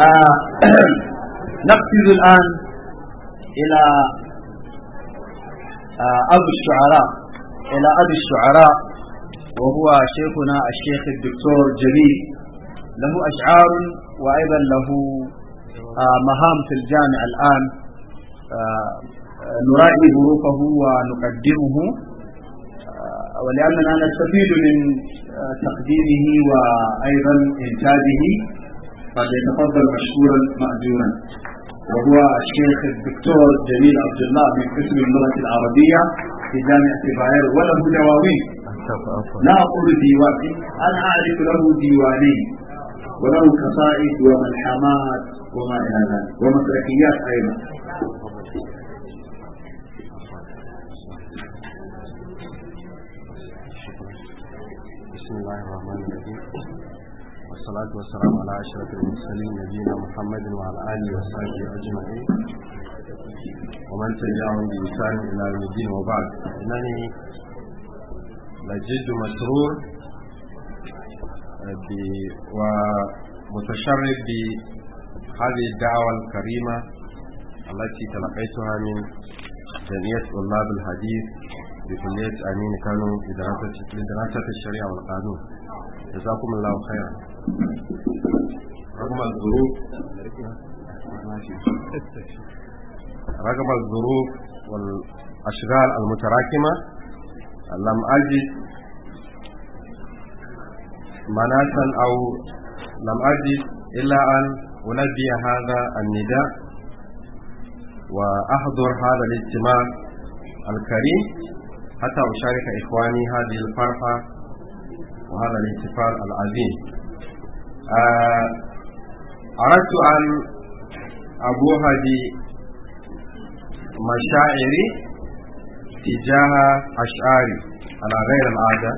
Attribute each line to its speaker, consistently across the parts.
Speaker 1: آه، نقفز الآن إلى آه، أبو الشعراء إلى أبو الشعراء وهو شيخنا الشيخ الدكتور جميل له أشعار وأيضا له آه، مهام في الجامع الآن نرائي ظروفه ونقدمه ولأننا نستفيد من تقديمه وأيضا إنتاجه فليتفضل مشكورا مأجورا وهو الشيخ الدكتور جميل عبد الله من قسم اللغة العربية في جامعة باير وله دواوين لا أقول ديواني أنا أعرف له ديواني وله قصائد وملحمات وما إلى ذلك ومسرحيات أيضا بسم الله الرحمن الرحيم والصلاة والسلام على أشرف المرسلين نبينا محمد وعلى آله وصحبه أجمعين ومن تبعهم بإحسان إلى يوم الدين وبعد إنني لجد مسرور آه، ومتشرف بهذه الدعوة الكريمة التي تلقيتها من جمعية طلاب الحديث بكلية أمين كانوا لدراسة الشريعة والقانون جزاكم الله خيرا رغم الظروف رغم الظروف والأشغال المتراكمة لم أجد مناسا أو لم أجد إلا أن ألبي هذا النداء وأحضر هذا الاجتماع الكريم حتى أشارك إخواني هذه الفرحة وهذا الاحتفال العظيم آه أردت أن أبوها بمشاعري تجاه أشعاري على غير العادة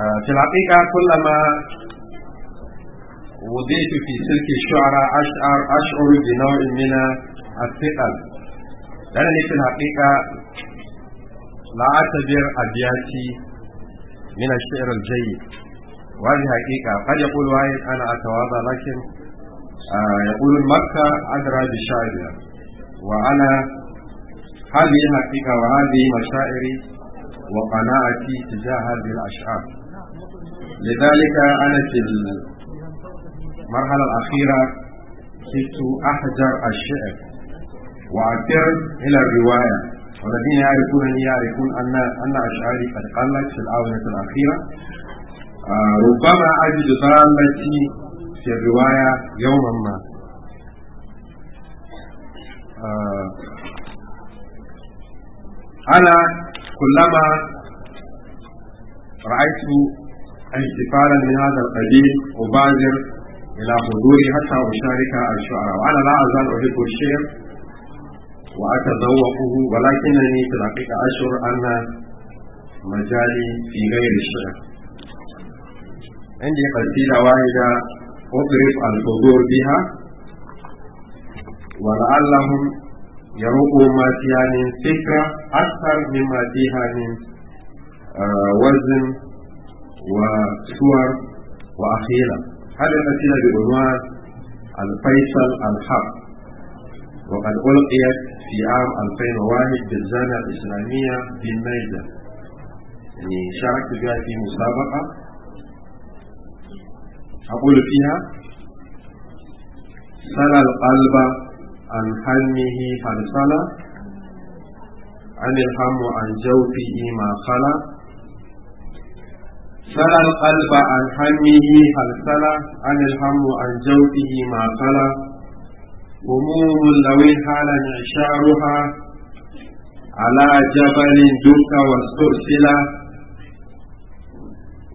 Speaker 1: آه، في الحقيقة كلما وضعت في سلك الشعراء أشعر أشعر بنوع من الثقل لأنني في الحقيقة لا أعتبر أبياتي من الشعر الجيد وهذه حقيقة قد يقول واحد أنا أتواضع لكن آه يقول مكة أدرى بشاعرها وأنا هذه حقيقة وهذه مشاعري وقناعتي تجاه هذه الأشعار لذلك أنا في المرحلة الأخيرة كنت أحجر الشعر وأعتر إلى الرواية والذين يعرفونني يعرفون أن أن أشعاري قد قلت في الآونة الأخيرة ربما أجد ضالتي في الرواية يوما ما أنا كلما رأيت احتفالا من هذا القديم أبادر إلى حضوري حتى أشارك الشعراء وأنا لا أزال أحب الشعر وأتذوقه ولكنني في الحقيقة أشعر أن مجالي في غير الشعر عندي قصيدة واحدة أطرق الحضور بها ولعلهم يروقوا ما فيها من فكرة أكثر مما فيها من آه، وزن وصور وأخيرا هذه القصيدة بعنوان الفيصل الحق وقد ألقيت في عام 2001 بالجامعة الإسلامية الميدان يعني شاركت بها في مسابقة أقول فيها سلى القلب عن همه فانسلى عن الهم عن جوفه ما صلى سلى القلب عن همه فانسلى عن الهم عن جوفه ما صلى هموم لو حالا إعشارها على جبل دك واسترسلا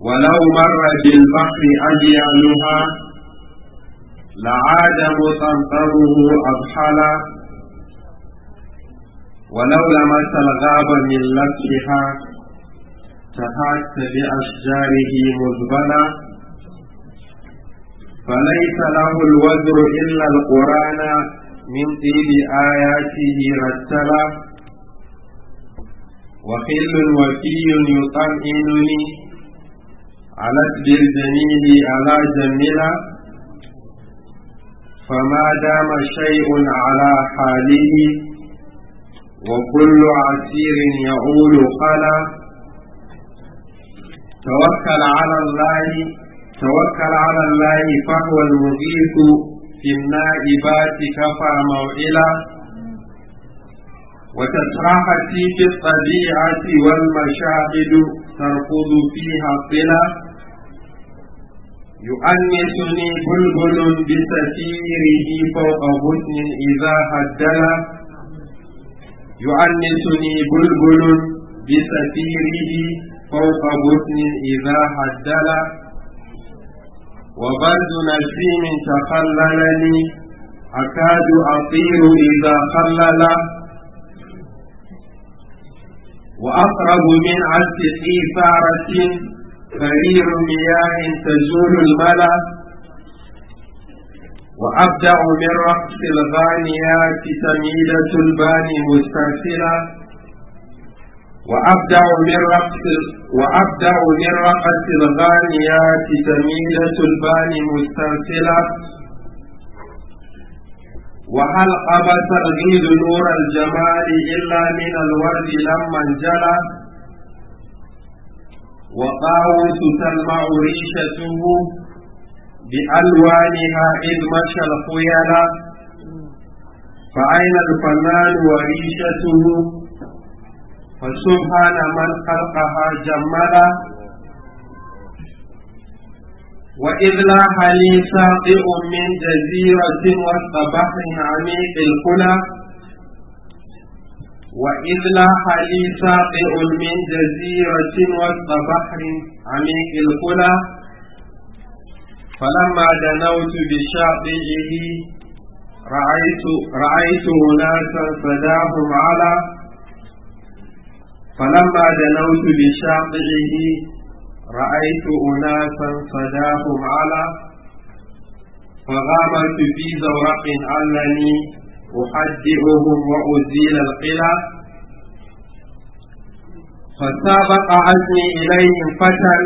Speaker 1: ولو مر بالبحر أجيالها لعاد مطرطره أضحلا ولو لمس الغاب من لفها تحات بأشجاره مزبلا فليس له الوزر إلا القرآن من طيب آياته رتلا وخل وفي يطمئنني علت بالجنين على جميلة فما دام شيء على حاله وكل عسير يعول قلا توكل على الله توكل على الله فهو المغيث في النائبات كفى موئلا وتتراحتي في الطبيعة والمشاهد ترفض فيها الطلا يؤنسني بلبل بسفيره فوق بطن إذا هدل يؤنسني بلبل بسفيره فوق بطن إذا هدل وبرد نسيم تخللني أكاد أطير إذا خللا وأقرب من عسق إيثارة غرير مياه تزول الملا وأبدع من رقص الغانيات تميلة الباني مستأصلا وأبدع من رقص وأبدع من رقص الغانيات تميلة الباني مستأصلا وهل قبس الغيد نور الجمال إلا من الورد لما انجلى وطاووس تلمع ريشته بألوانها إذ مشى الخيلا فأين الفنان وريشته فسبحان من خلقها جملا وإذ لاح لي ساطئ من جزيرة وسط بحر عميق الخلق وإذ لاح لي ساطئ من جزيرة وسط بحر عميق القلى فلما دنوت بشاطئه رأيت رأيت أناسا فداهم على فلما دنوت بشاطئه رأيت أناسا فداهم على فغامرت في زورق علني أحدئهم وأزيل القلى فسابق عزمي إليهم فتى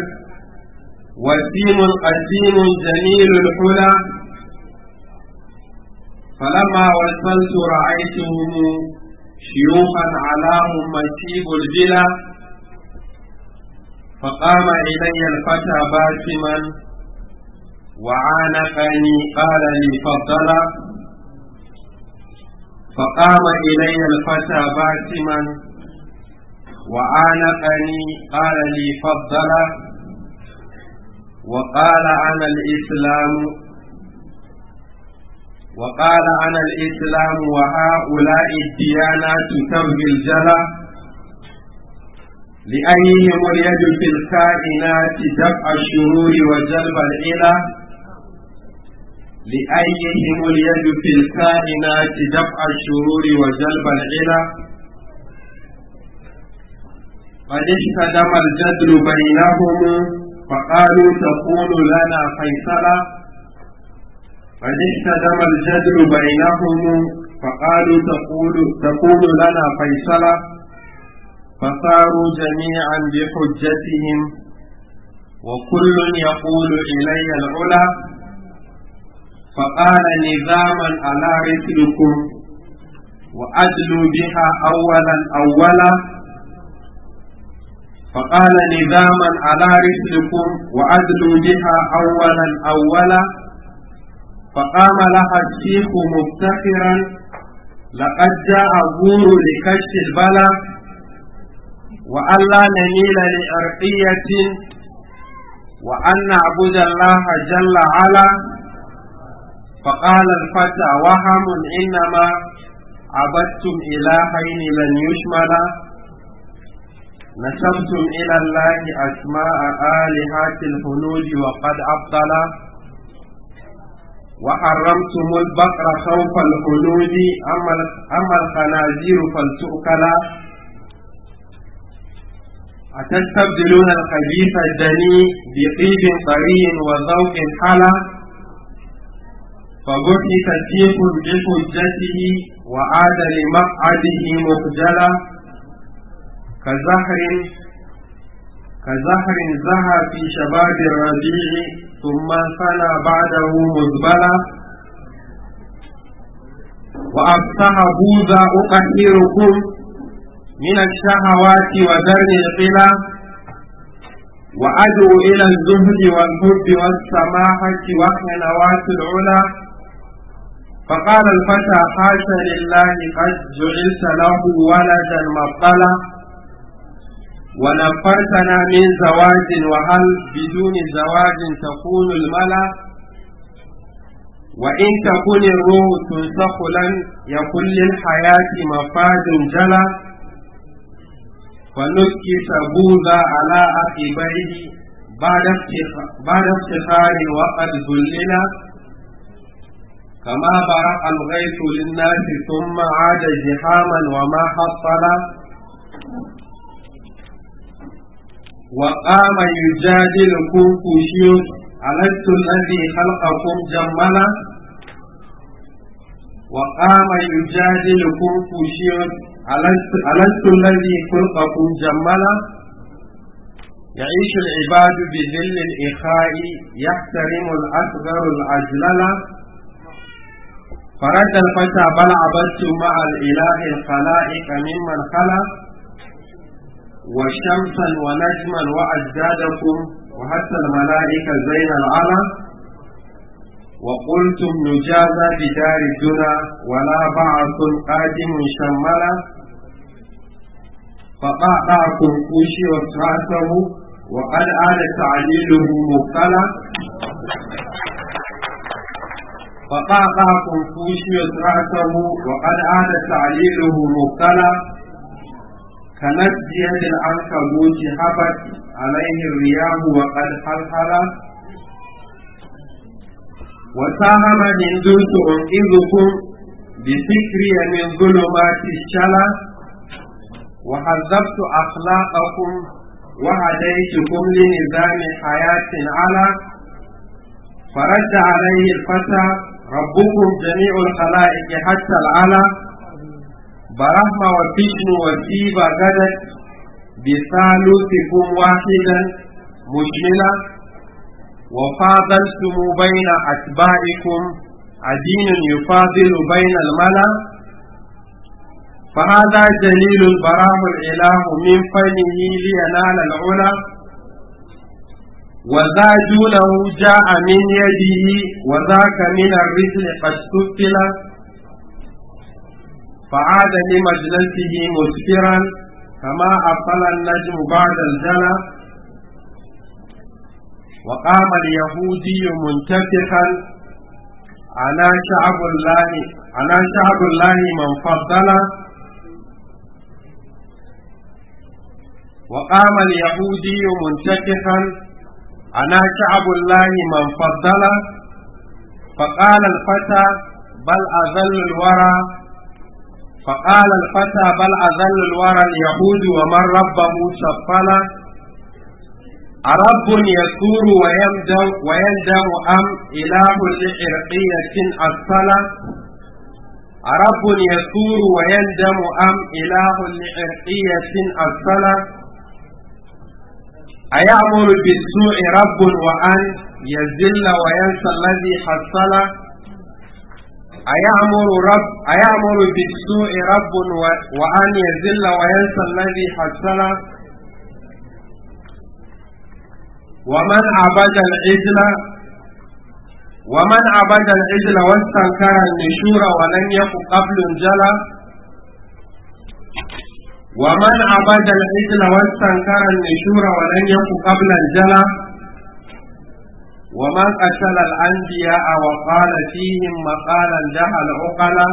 Speaker 1: وسيم قسيم جميل الحلى فلما وصلت رأيتهم شيوخا علاهم مسيب الجلى فقام إلي الفتى باسما وعانقني قال لي فضلا فقام إلي الفتى باسما وعانقني قال لي فضل وقال عن الإسلام وقال عن الإسلام وهؤلاء الديانات تبغي الجلى لأيهم اليد في الكائنات دفع الشرور وجلب العلى لأيهم اليد في الكائنات دفع الشرور وجلب العلا قد اشتدم الجدل بينهم فقالوا تقول لنا فيصلا قد اشتدم الجدل بينهم فقالوا تقول تقول لنا فيصلا فصاروا جميعا بحجتهم وكل يقول إلي العلا فقال نظاما على رسلكم وأدلوا بها أولا أولا فقال نظاما على رسلكم وأدلوا بها أولا أولا فقام لها الشيخ مفتخرا لقد جاء الظهر لكشف البلاء وألا نميل لأرقية وأن نعبد الله جل وعلا فقال الفتى وهم إنما عبدتم إلهين لن يشملا نسبتم إلى الله أسماء الهات الهنود وقد أبطلا وحرمتم البقر خوف الخلود أما الخنازير فلتؤكلا أتستبدلون الخبيث الدني بطيب طري وذوق حلا فبعث سيف بحجته وعاد لمقعده مخجلا كزهر كزهر زهى في شباب الربيع ثم سنى بعده مزبلا وأفتح بوذا أقهركم من الشهوات ودرن القلى وأدعو إلى الزهد والحب والسماحة وحنوات العلا فقال الفتى حاشا لله قد جعلت له ولدا مبطلا ونفرتنا من زواج وهل بدون زواج تكون الملا وإن تكون الروح تنسخ لن يكن للحياة مفاد جلا فنكس بوذا على عقبيه بعد افتخار وقد ذللا كما برأ الغيث للناس ثم عاد زحاما وما حصل وقام يجادلكم كوشيوس ألست الذي خلقكم جملا وقام يجادلكم كوشيوس ألست الذي خلقكم جملا يعيش العباد بذل الإخاء يحترم الأصغر الأجلل فرد الفتى بل عبدت مع الإله الخلائق ممن خلا وشمسا ونجما وأجدادكم وحتى الملائكة زين العلا وقلتم نجازى بدار الدنا ولا بعث قادم شملا فقعقع كنكوشي وفراسه وقد آل تعليله مبتلى فقاقع كونفوشيوس رأسه وقد عاد تعليله مبتلى كانت بيد العنكبوت هبت عليه الرياح وقد حلحل وساهم من دون أنقذكم بفكري من ظلمات الشلا وحذبت أخلاقكم وهديتكم لنظام حياة على فرد عليه الفتى ربكم جميع الخلائق حتى العلى برحمة وفشن وسيب غدت بثالثكم واحدا مجملا وفاضلتم بين أتباعكم عدين يفاضل بين الملا فهذا جليل براه الإله من فنه لينال العلا وزاجوا له جاء من يده وذاك من الرسل قد سفل فعاد لمجلسه مسفرا كما أصل النجم بعد الجلى وقام اليهودي منتفخا على شعب الله على شعب الله من فضل وقام اليهودي منتفخا أنا شعب الله من فضل فقال الفتى بل أذل الورى فقال الفتى بل أذل الورى اليهود ومن ربه سفلا أرب يثور ويندم, ويندم أم إله لعرقية أصلا أرب يثور ويندم أم إله لعرقية أصلا أيأمر بالسوء رب وأن يذل وينسى الذي حصل أيأمر رب أيأمر بالسوء رب وأن يذل وينسى الذي حصل ومن عبد العجل ومن عبد العجل واستنكر النشور ولم يكن قبل جلى ومن عبد العجل واستنكر النشور ولم يكن قبل الجلى ومن قتل الأنبياء وقال فيهم مقالا جهل عقلا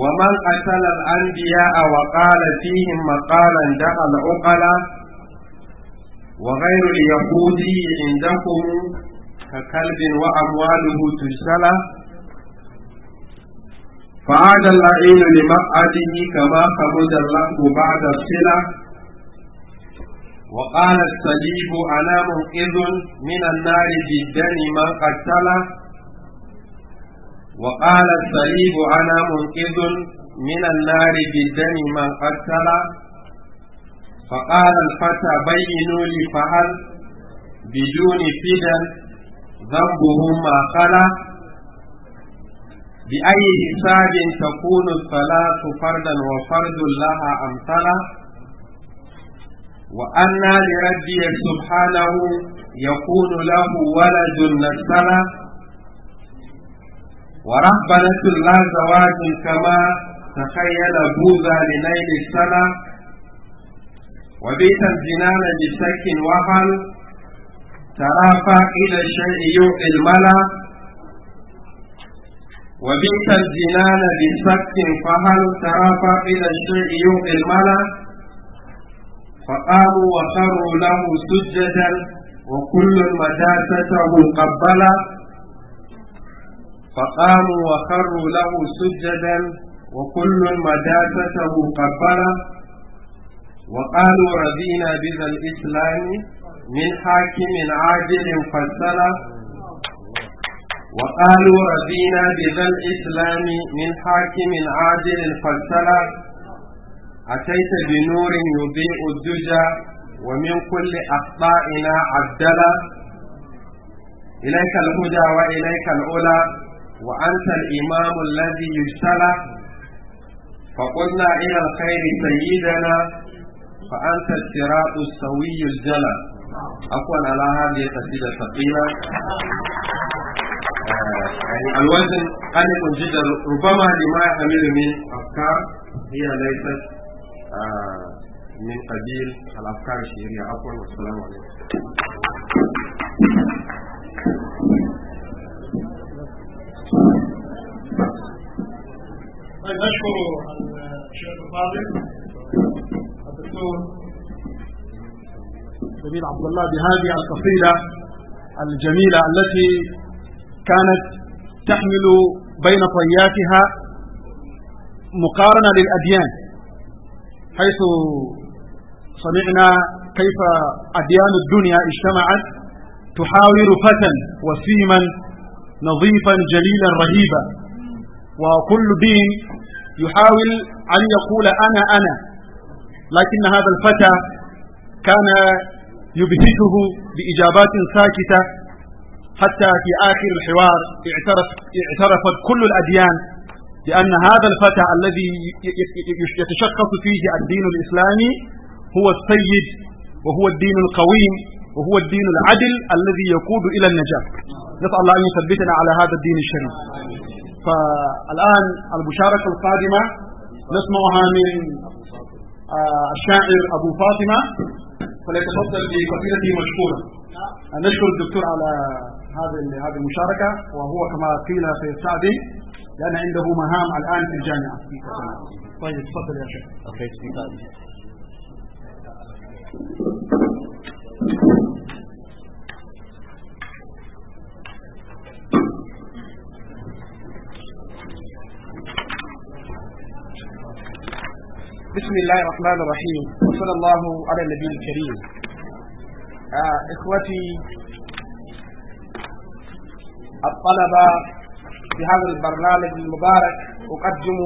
Speaker 1: ومن قتل الأنبياء وقال فيهم مقالا جهل عقلا وغير اليهودي عندكم ككلب وأمواله تجسلا فعاد اللعين لمقعده كما خمد اللحم بعد الصلة وقال السليب أنا منقذ من النار بالدم من قتله وقال السليب أنا منقذ من النار بالدم من قتله فقال الفتى بينوا لي فهل بدون فدا ذنبهم ما خلا بأي حساب تكون الصلاة فردا وفرد لها أمثلة وأن لربي سبحانه يكون له ولد نسلة ورهبنة لا زواج كما تخيل بوذا لنيل السنة وبيت الجنان بسك وهل ترى إلى الشيء يعطي الملا وبئس الجنان بسك فهل ترى فاقد الشيء يوم الملا فقالوا وخروا له سجدا وكل مداسته قبلا فقاموا وخروا له سجدا وكل مداسته قبلا وقالوا رضينا بذا الإسلام من حاكم عاجل فسلا وقالوا رضينا بذا الإسلام من حاكم عادل فالسلا أتيت بنور يضيء الدجى ومن كل أخطائنا عدلا إليك الهدى وإليك العلا وأنت الإمام الذي يجتلى فقلنا إلى الخير سيدنا فأنت الصراط السوي الجلى عفوا على هذه القصيدة الثقيلة يعني الوزن قلق جدا ربما لما يحمل من أفكار هي ليست آه، من قبيل الأفكار الشهرية عفوا والسلام عليكم
Speaker 2: طيب نشكر الشيخ الفاضل الدكتور
Speaker 1: سمير عبد الله بهذه القصيدة الجميلة التي كانت تحمل بين طياتها مقارنة للأديان حيث سمعنا كيف أديان الدنيا اجتمعت تحاور فتى وسيما نظيفا جليلا رهيبا وكل دين يحاول أن يقول أنا أنا لكن هذا الفتى كان يبهجه بإجابات ساكتة حتى في آخر الحوار اعترف اعترفت كل الأديان بأن هذا الفتى الذي يتشخص فيه الدين الإسلامي هو السيد وهو الدين القويم وهو الدين العدل الذي يقود إلى النجاة نسأل الله أن يثبتنا على هذا الدين الشريف فالآن المشاركة القادمة نسمعها من آه، الشاعر أبو فاطمة فليتفضل بقصيدته مشكورا نشكر الدكتور على هذه هذه المشاركه وهو كما قيل في سعدي لان عنده مهام الان في الجامعه طيب تفضل يا شيخ بسم الله الرحمن الرحيم وصلى الله على النبي الكريم آه إخوتي الطلبة في هذا البرنامج المبارك أقدم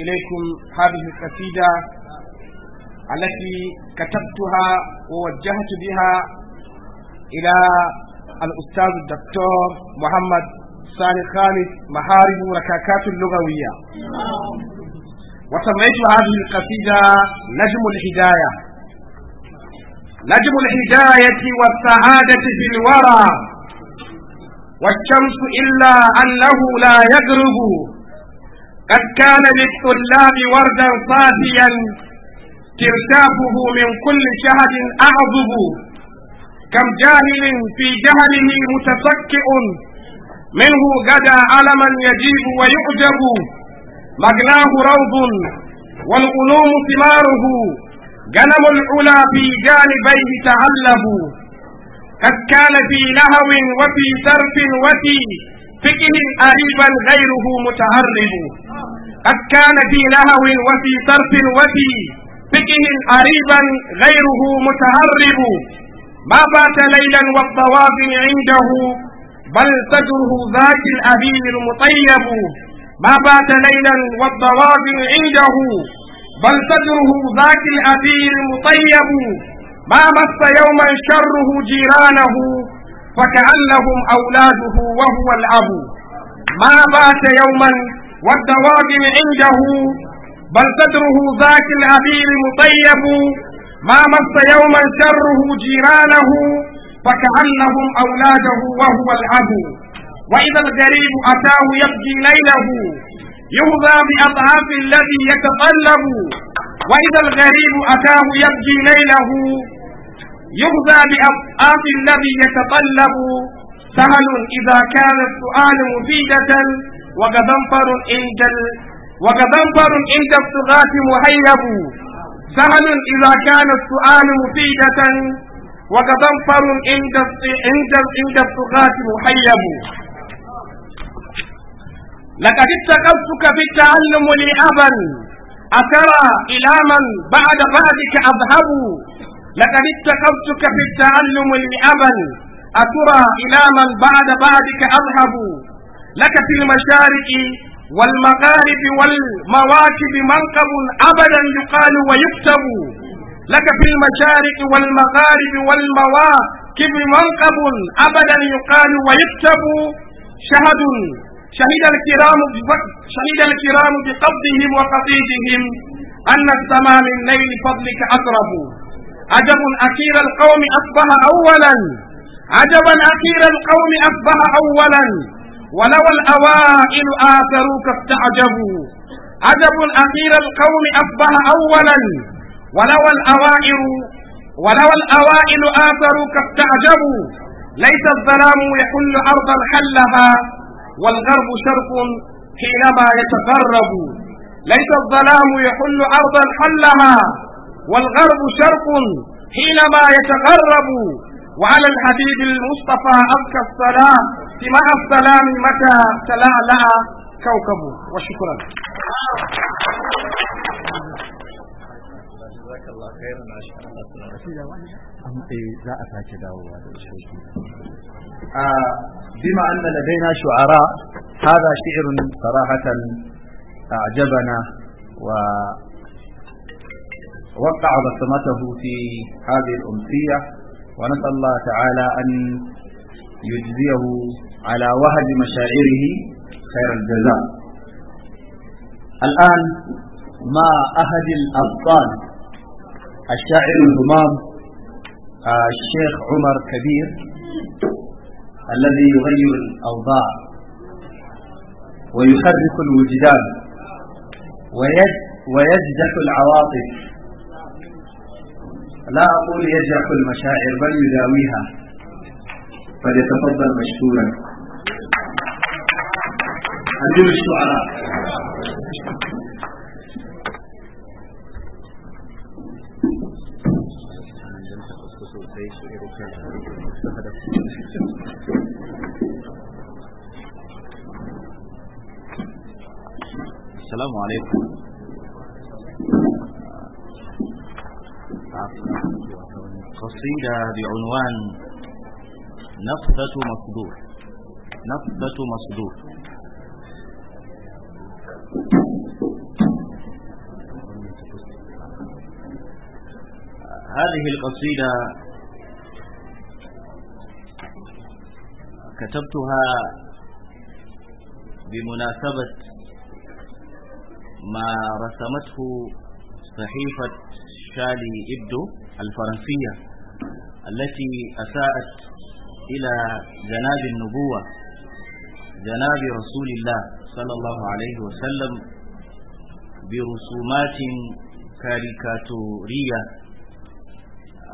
Speaker 1: إليكم هذه القصيدة التي كتبتها ووجهت بها إلى الأستاذ الدكتور محمد سالي خالد محارب ركاكات اللغوية
Speaker 3: وسميت هذه القصيدة نجم الهداية نجم الهداية والسعادة في الورى والشمس إلا أنه لا يغرب قد كان للطلاب وردا صافيا ترتافه من كل شهد أعظب كم جاهل في جهله متفكئ منه غدا علما يجيب ويعجب مغناه روض والعلوم ثماره غنم العلا في جانبيه تعلبوا قد كان في لهو وفي سرف وفي فكه أريبا غيره متهرب قد كان في لهو وفي سرف وفي فكه أريبا غيره متهرب ما بات ليلا والضواب عنده بل صدره ذات الأبيل المطيب ما بات ليلا والضواب عنده بل صدره ذات الأبيل المطيب ما مس يوما شره جيرانه فكأنهم أولاده وهو الأب ما بات يوما والدواجن عنده بل صدره ذاك الأبير مطيب ما مس يوما شره جيرانه فكأنهم أولاده وهو الأب وإذا الغريب أتاه يبكي ليله يهضى بأضعاف الذي يتطلب وإذا الغريب أتاه يبكي ليله يغزى بأبعاد الذي يتطلب سهل إذا كان السؤال مفيدة وغضنفر عند ال... وغضنفر عند الصغاة مهيب سهل إذا كان السؤال مفيدة وغضنفر عند عند عند الصغاة مهيب لقد اتخذتك في التعلم لأبا أترى إلى من بعد بعدك أذهب لقد اتخذتك في التعلم المئبل أترى إلى من بعد بعدك أذهب لك في المشارق والمغارب والمواكب منقب أبدا يقال ويكتب لك في المشارق والمغارب والمواكب منقب أبدا يقال ويكتب شهد شهد الكرام شهد الكرام بقبضهم وقصيدهم أن السماء من نيل فضلك أقرب عجب أخير القوم أصبح أولا عجبا أخير القوم أصبح أولا ولو الأوائل آثروك استعجبوا عجب أخير القوم أصبح أولا ولو الأوائل ولو الأوائل آثروك استعجبوا ليس الظلام يحل أرضا حلها والغرب شرق حينما يتقرب ليس الظلام يحل أرضا حلها والغرب شرق حينما يتغرب وعلى الحبيب المصطفى أبكى السلام مع السلام متى تلألأ كوكب وشكرا
Speaker 1: آه، بما أن لدينا شعراء هذا شعر صراحة أعجبنا و وقع بصمته في هذه الأمسية ونسأل الله تعالى أن يجزيه على وهج مشاعره خير الجزاء الآن ما أهد الأبطال الشاعر الهمام آه، الشيخ عمر كبير الذي يغير الأوضاع ويحرك الوجدان ويجدح العواطف لا أقول كل المشاعر بل يداويها فليتفضل مشكورا
Speaker 2: أمير الشعراء
Speaker 1: السلام عليكم قصيدة بعنوان نفثة مصدور نفثة مصدور هذه القصيدة كتبتها بمناسبة ما رسمته صحيفة تشارلي إبدو الفرنسية التي أساءت إلى جناب النبوة جناب رسول الله صلى الله عليه وسلم برسومات كاريكاتورية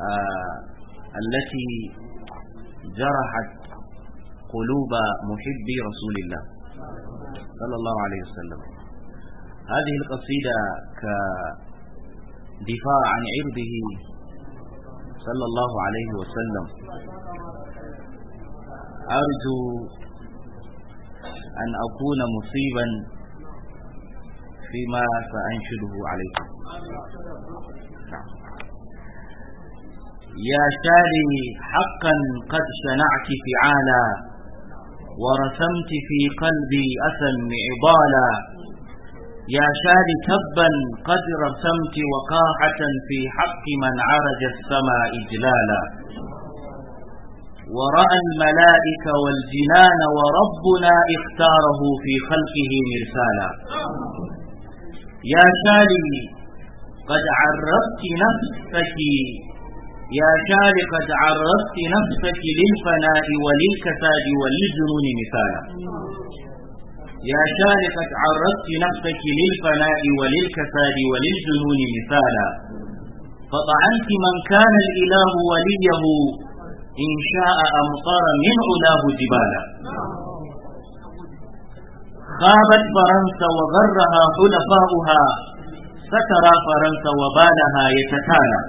Speaker 1: آه، التي جرحت قلوب محبي رسول الله صلى الله عليه وسلم هذه القصيدة ك دفاع عن عرضه صلى الله عليه وسلم أرجو أن أكون مصيبا فيما سأنشده عليكم يا شاري حقا قد شنعت فعالا ورسمت في قلبي أثم عضالا يا شار تبا قد رسمت وقاحة في حق من عرج السماء إجلالا ورأى الملائكة والجنان وربنا اختاره في خلقه مرسالا يا شاري قد عرفت نفسك يا شاري قد عرفت نفسك للفناء وللكساد وللجنون مثالا يا قد عرضت نفسك للفناء وللكساد وللجنون مثالا فطعنت من كان الإله وليه إن شاء أمطار من علاه جبالا خابت فرنسا وغرها حلفاؤها سترى فرنسا وبالها يتتالى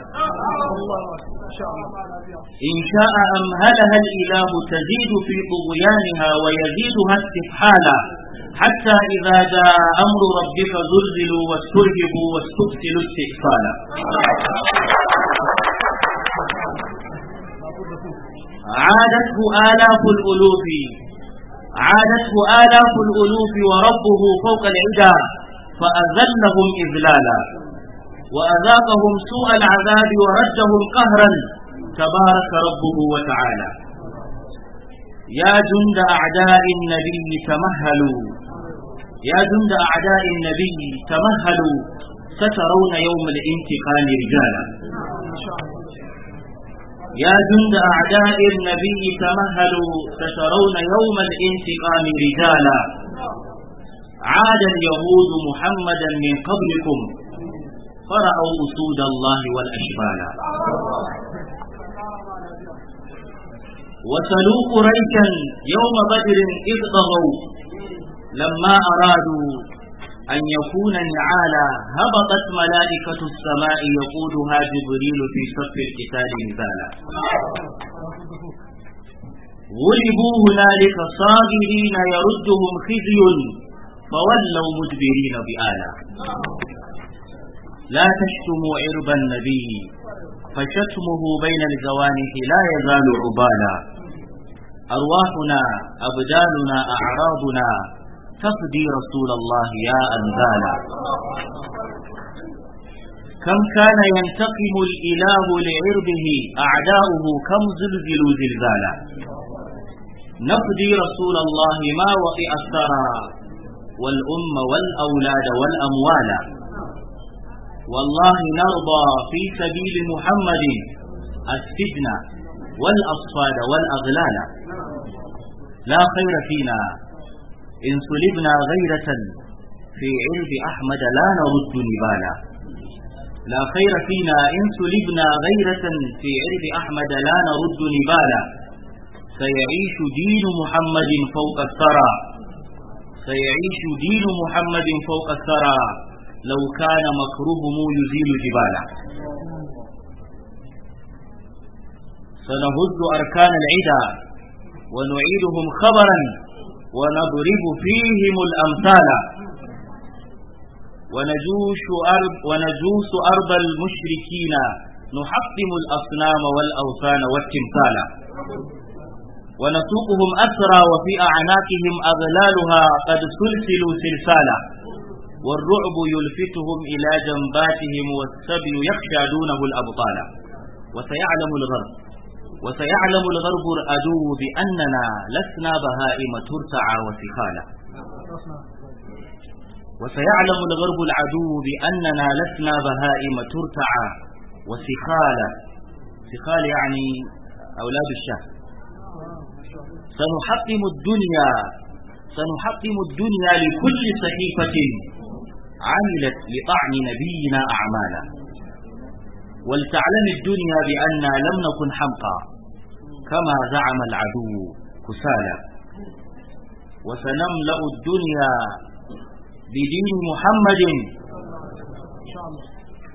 Speaker 2: إن
Speaker 1: شاء أمهلها الإله تزيد في طغيانها ويزيدها استفحالا حتى إذا جاء أمر ربك زلزلوا واسترهبوا واستبسلوا استئفالا
Speaker 2: عادته آلاف
Speaker 1: الألوف عادته آلاف الألوف وربه فوق العدا فأذلهم إذلالا وأذاقهم سوء العذاب وردهم قهرا تبارك ربه وتعالى يا جند أعداء النبي تمهلوا يا جند أعداء النبي تمهلوا سترون يوم الانتقام رجالا يا جند أعداء النبي تمهلوا سترون يوم الانتقام رجالا عاد اليهود محمدا من قبلكم فرأوا أسود الله والأشبال وسلوا قريشا يوم بدر إذ ضغوا لما أرادوا أن يكون نعالا هبطت ملائكة السماء يقودها جبريل في صف القتال نزالا غلبوا هنالك صابرين يردهم خزي فولوا مدبرين بآلا لا تشتموا عرب النبي فشتمه بين الجوانح لا يزال عبالا أرواحنا أبدالنا أعراضنا تفدي رسول الله يا أنزالا كم كان ينتقم الإله لعربه أعداؤه كم زلزلوا زلزالا نفدي رسول الله ما وطئ الثرى والأم والأولاد والأموال والله نرضى في سبيل محمد السجن والأصفاد والأغلال لا خير فينا إن سلبنا غيرة في عرب أحمد لا نرد نبالا لا خير فينا إن سلبنا غيرة في عرب أحمد لا نرد نبالا سيعيش دين محمد فوق الثرى سيعيش دين محمد فوق الثرى لو كان مكرهم يزيل جبالا سنهز أركان العدا ونعيدهم خبرا ونضرب فيهم الأمثال ونجوش أرض, ونجوس أرض المشركين نحطم الأصنام والأوثان والتمثال ونسوقهم أسرى وفي أعناقهم أغلالها قد سلسلوا سلسالا والرعب يلفتهم إلى جنباتهم والسبي يخشى دونه الأبطال وسيعلم الغرب وسيعلم الغرب العدو بأننا لسنا بهائم ترتعى وسخالا وسيعلم الغرب العدو بأننا لسنا بهائم ترتعى وسخالا سخال يعني أولاد الشهر سنحطم الدنيا سنحطم الدنيا لكل صحيفة عملت لطعن نبينا أعمالا ولتعلم الدنيا بأننا لم نكن حمقى كما زعم العدو كسالا وسنملأ الدنيا بدين محمد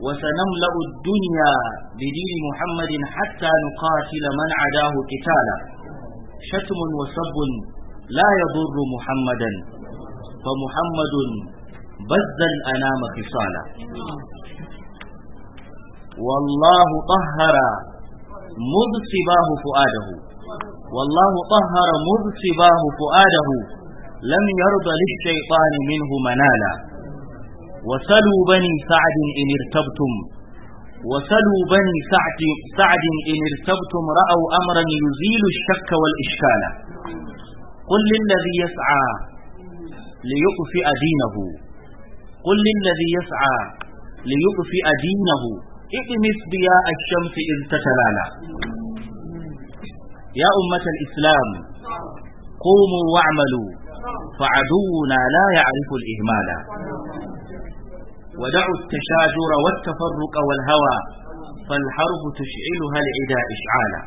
Speaker 1: وسنملأ الدنيا بدين محمد حتى نقاتل من عداه قتالا شتم وسب لا يضر محمدا فمحمد بدل أنا خصالا والله طهر مذ صباه فؤاده والله طهر مذ صباه فؤاده لم يرض للشيطان منه منالا وسلوا بني سعد إن ارتبتم وسلوا بني سعد, سعد إن ارتبتم رأوا أمرا يزيل الشك والإشكال قل للذي يسعى ليطفئ دينه قل للذي يسعى ليطفئ دينه اقمص ضياء الشمس إذ تتلالى يا أمة الإسلام قوموا واعملوا فعدونا لا يعرف الإهمال ودعوا التشاجر والتفرق والهوى فالحرب تشعلها العدا إشعالا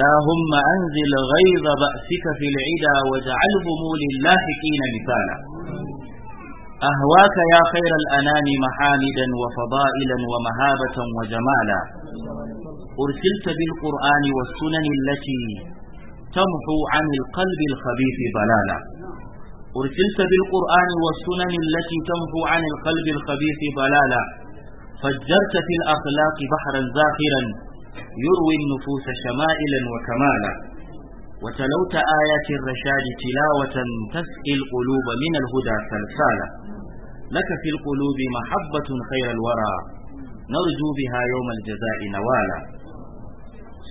Speaker 1: لا هم أنزل غيظ بأسك في العدا واجعلهم للاحقين مثالا أهواك يا خير الأنام محامدا وفضائلا ومهابة وجمالا أرسلت بالقرآن والسنن التي تمحو عن القلب الخبيث ضلالا أرسلت بالقرآن والسنن التي تمحو عن القلب الخبيث ضلالا فجرت في الأخلاق بحرا زاخرا يروي النفوس شمائلا وكمالا وتلوت آيات الرشاد تلاوة تسقي القلوب من الهدى سلسالا لك في القلوب محبة خير الورى نرجو بها يوم الجزاء نوالا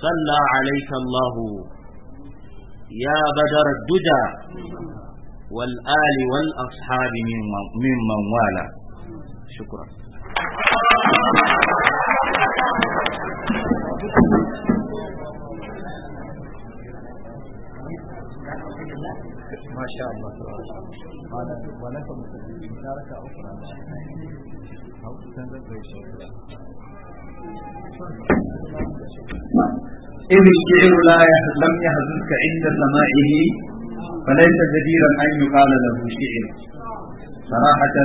Speaker 1: صلى عليك الله يا بدر الدجى والآل والأصحاب ممن والا شكرا
Speaker 2: ما شاء الله إذ
Speaker 1: الشعر لا لم يحزنك عند سماعه فليس جديرا أن يقال له شعر صراحة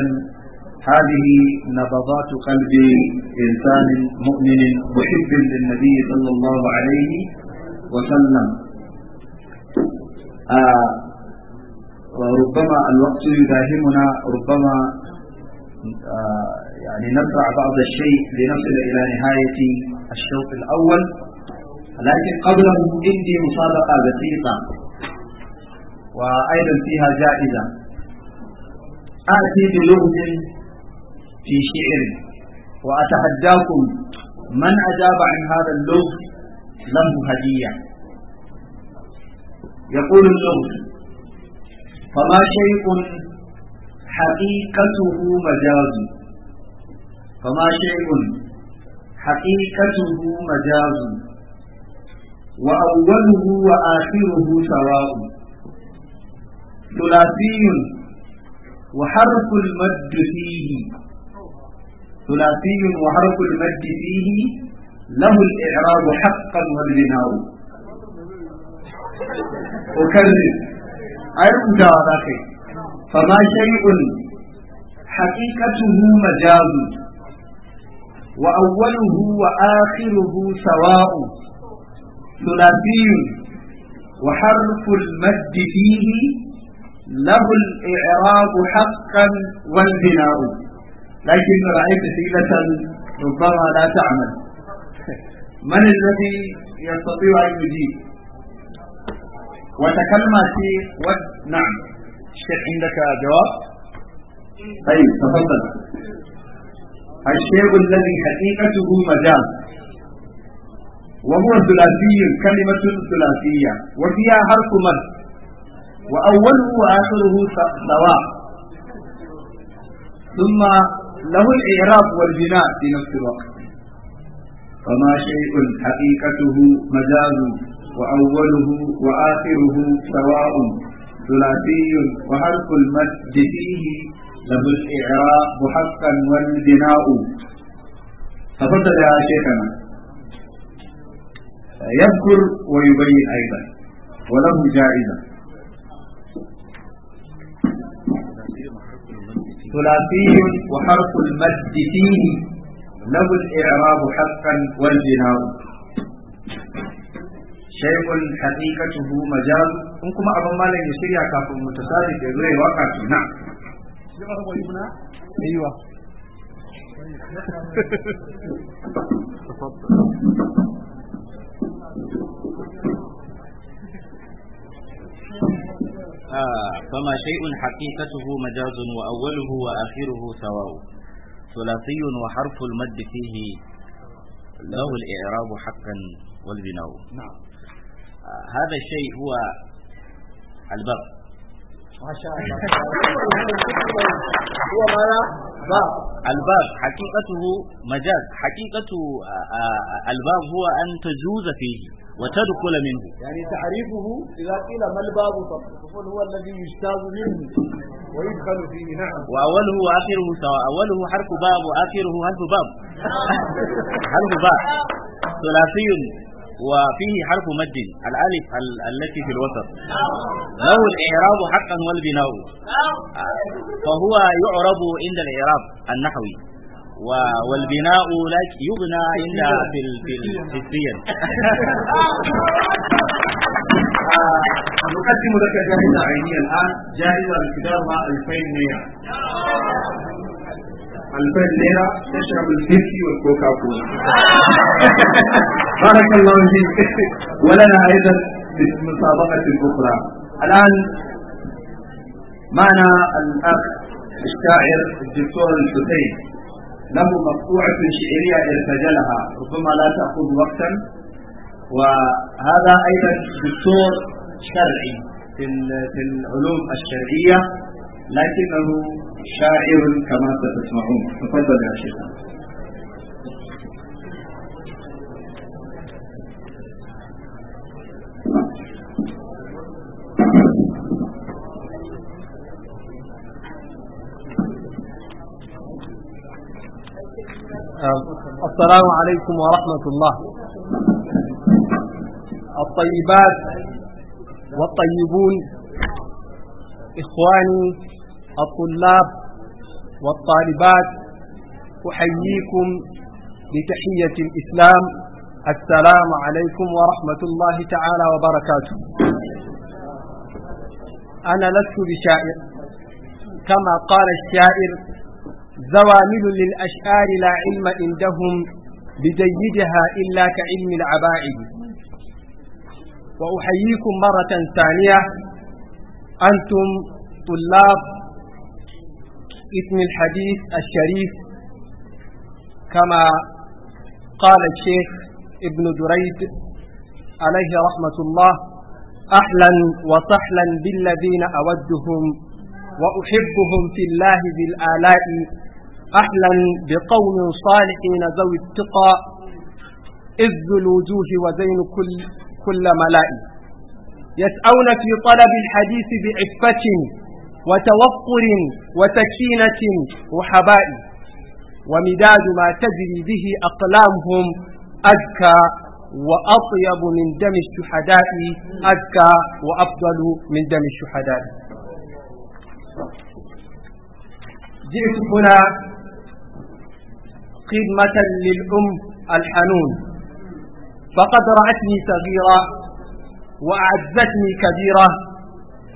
Speaker 1: هذه نبضات قلب إنسان مؤمن محب للنبي صلى الله عليه وسلم آه وربما الوقت يداهمنا ربما آه، يعني نزرع بعض الشيء لنصل إلى نهاية الشوط الأول لكن قبله عندي مسابقة بسيطة وأيضا فيها جائزة آتي بلغز في شعر وأتحداكم من أجاب عن هذا اللغز له هدية يقول اللغز فما شيء حقيقته مجاز فما شيء حقيقته مجاز وأوله وآخره سواء ثلاثي وحرف المد فيه ثلاثي وحرف المد فيه له الإعراب حقا والبناء
Speaker 2: أكرر
Speaker 1: علم فما شيء حقيقته
Speaker 3: مجاز وأوله وآخره سواء ثلاثي وحرف المد فيه
Speaker 1: له الإعراب حقا والبناء لكن رأيت سيلة ربما لا تعمل من الذي يستطيع أن يجيب؟ وتكلم في ود نعم الشيخ عندك جواب طيب تفضل الشيء الذي حقيقته مجاز وهو ثلاثي كلمة ثلاثية وفيها حرف مد وأوله وآخره سواء ثم له الإعراب والبناء في نفس الوقت فما شيء حقيقته مجاز وأوله وآخره سواء ثلاثي وحرف المد فيه له الإعراب حقا والبناء تفضل يا شيخنا يذكر ويبين أيضا وله جائزة ثلاثي وحرف المد فيه له الإعراب حقا والبناء shaykhun haqiqatuhu majaz in kuma abin malam ya shirya kafin mutasadiq da zai waka tuna فما شيء حقيقته مجاز وأوله وآخره سواء ثلاثي وحرف المد فيه له الإعراب حقا والبناء نعم هذا الشيء هو البر
Speaker 2: ما شاء الله هو ماذا؟
Speaker 1: الباب حقيقته مجاز حقيقة آه، آه، الباب هو أن تجوز فيه وتدخل منه يعني تعريفه إذا قيل ما الباب فقل هو
Speaker 3: الذي يجتاز منه ويدخل فيه نعم وأوله
Speaker 1: وآخره سواء أوله حرف باب وآخره حرف باب نعم. حرف باب ثلاثي وفيه حرف مد الالف التي في الوسط له الاعراب حقا والبناء فهو يعرب عند الاعراب النحوي والبناء لك يبنى عند في في نقدم لك جائزة عينية الآن جائزة بقدرها 2100 ألفين ليرة تشرب البيبسي والكوكا كولا بارك الله فيك ولنا أيضا مسابقة أخرى الآن معنا الأخ الشاعر الدكتور الحسين له مقطوعة شعرية ارتجلها ربما لا تأخذ وقتا وهذا أيضا دكتور شرعي في العلوم الشرعية لكنه شاعر كما ستسمعون تفضل يا شيخ السلام عليكم ورحمة الله الطيبات والطيبون إخواني الطلاب والطالبات أحييكم بتحية الإسلام السلام عليكم ورحمة الله تعالى وبركاته أنا لست بشاعر كما قال الشاعر زوامل للأشعار لا علم عندهم بجيدها إلا كعلم العبائد وأحييكم مرة ثانية أنتم طلاب اسم الحديث الشريف كما قال الشيخ ابن دريد عليه رحمة الله أهلا وسهلا بالذين أودهم وأحبهم في الله بالآلاء أهلا بقوم صالحين ذوي التقى إذ الوجوه وزين كل, كل ملائي يسأون في طلب الحديث بعفة وتوقر وسكينة رحباء ومداد ما تجري به أقلامهم أذكى وأطيب من دم الشهداء أذكى وأفضل من دم الشهداء جئت هنا خدمة للأم الحنون فقد رأتني صغيرة وأعزتني كبيرة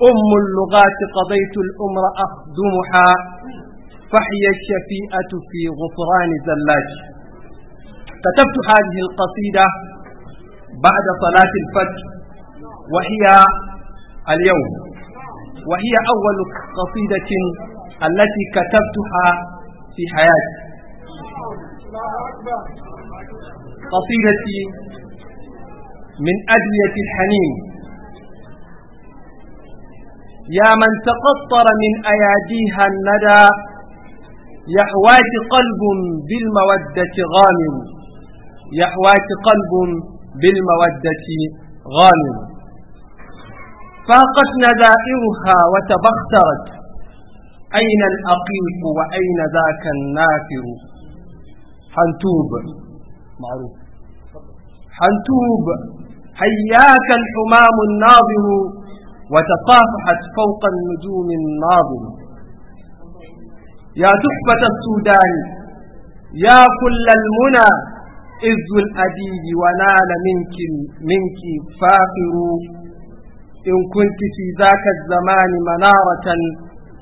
Speaker 1: أم اللغات قضيت الأمر أخدمها فحي الشفيئة في غفران زلاج كتبت هذه القصيدة بعد صلاة الفجر وهي اليوم وهي أول قصيدة التي كتبتها في حياتي قصيدتي من أدوية الحنين يا من تقطر من أياديها الندى يحواك قلب بالمودة غامم يحواك قلب بالمودة غامم فاقت نذائرها وتبخترت أين الأقيق وأين ذاك النافر حنتوب معروف حنتوب حياك الحمام الناظر وتصافحت فوق النجوم الناظمة يا تحفة السودان يا كل المنى إذ الأديب ونال منك منك فاخر إن كنت في ذاك الزمان منارة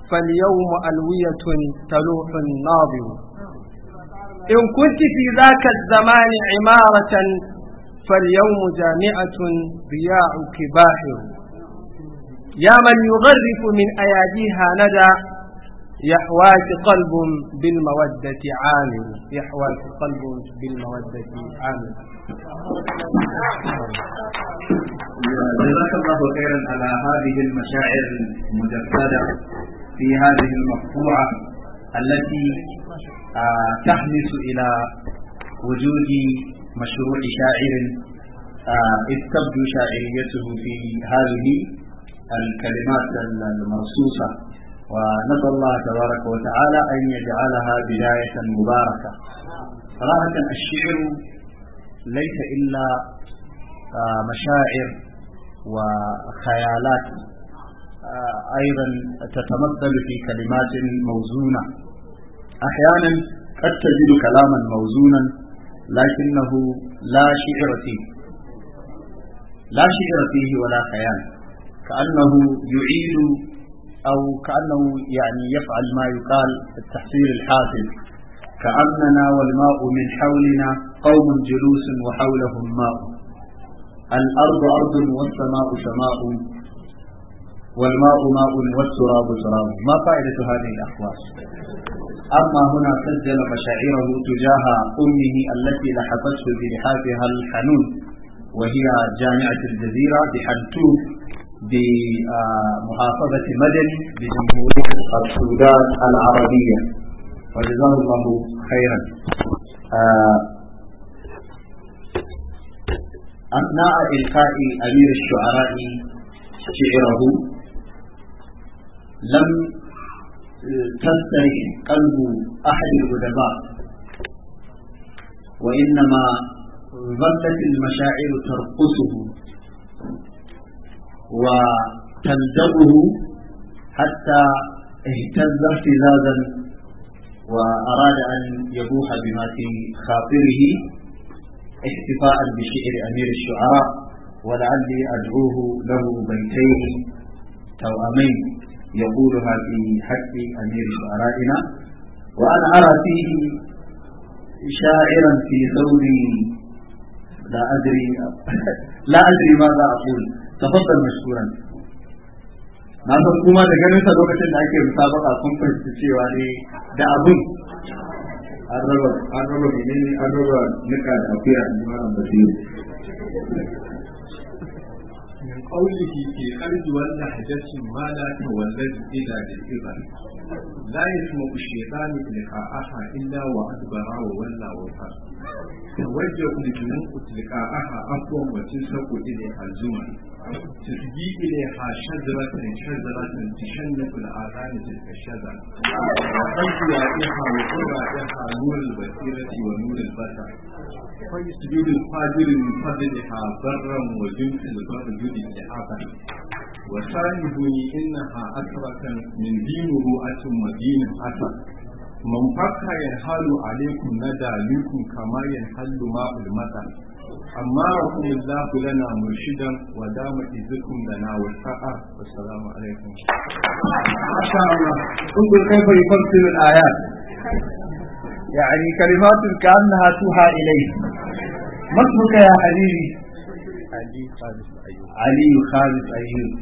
Speaker 1: فاليوم ألوية تلوح الناظر إن كنت في ذاك الزمان عمارة فاليوم جامعة ضياعك باهر يا من يغرف من أياديها ندى يحواك قلب بالمودة عامل يحواك قلب بالمودة عامل جزاك الله خيرا على هذه المشاعر المجسدة في هذه المقطوعة التي آه، تحمس إلى وجود مشروع شاعر إذ آه، تبدو شاعريته في هذه الكلمات المرصوصة ونسأل الله تبارك وتعالى أن يجعلها بداية مباركة صراحة الشعر ليس إلا آه، مشاعر وخيالات آه، أيضا تتمثل في كلمات موزونة أحيانا قد تجد كلاما موزونا لكنه لا شعر فيه لا شعر فيه ولا خيال كأنه يعيد أو كأنه يعني يفعل ما يقال التحصيل الحاصل كأننا والماء من حولنا قوم جلوس وحولهم ماء الأرض أرض والسماء سماء والماء ماء والتراب تراب ما فائدة هذه الأحواس أما هنا سجل مشاعره تجاه أمه التي لحقته بلحافها الحنون وهي جامعة الجزيرة بحنتوف بمحافظة مدن بجمهورية السودان العربية وجزاه الله خيرا أثناء آه، إلقاء أمير الشعراء شعره لم آه، تسترح قلب أحد الأدباء وإنما ظلت المشاعر ترقصه وتلدغه حتى اهتز اهتزازا وأراد أن يبوح بما في خاطره احتفاء بشعر أمير الشعراء ولعلي أدعوه له بيتين توأمين يقولها في حق أمير شعرائنا وأن أرى فيه شاعرا في ثور لا أدري لا أدري ماذا أقول tafaddal mashkuran na san kuma da ganin sa lokacin da ake musabaka kun fahimci cewa ne da abun an raba an raba menene an raba nika da akuya ne malam basiru قوله في أرض ولا حجة ما لا تولد إلى للإبر لا يسمع الشيطان لقاءها إلا وأدبر وولى وفر توجه لتنقص لقاءها أقوى وتنسق إليها الزمن تسجي إليها شجرة شجرة تشنف الآذان تلك الشجرة فيها وقرأها نور البصيرة ونور البصر فيسجد الفاجر من فضلها برا وجنس البر جدي شعبا وشاهدني إنها أسرة من دينه أتم دين أسد من فك ينحل عليكم ندى لكم كما ينحل ماء المطر أما رحم الله لنا مرشدا ودام إذكم لنا والحق والسلام عليكم ما شاء الله انظر كيف يفصل الآيات يعني كلمات كأنها توحى إليه ما اسمك يا حبيبي علي خالد علي خالد أيوب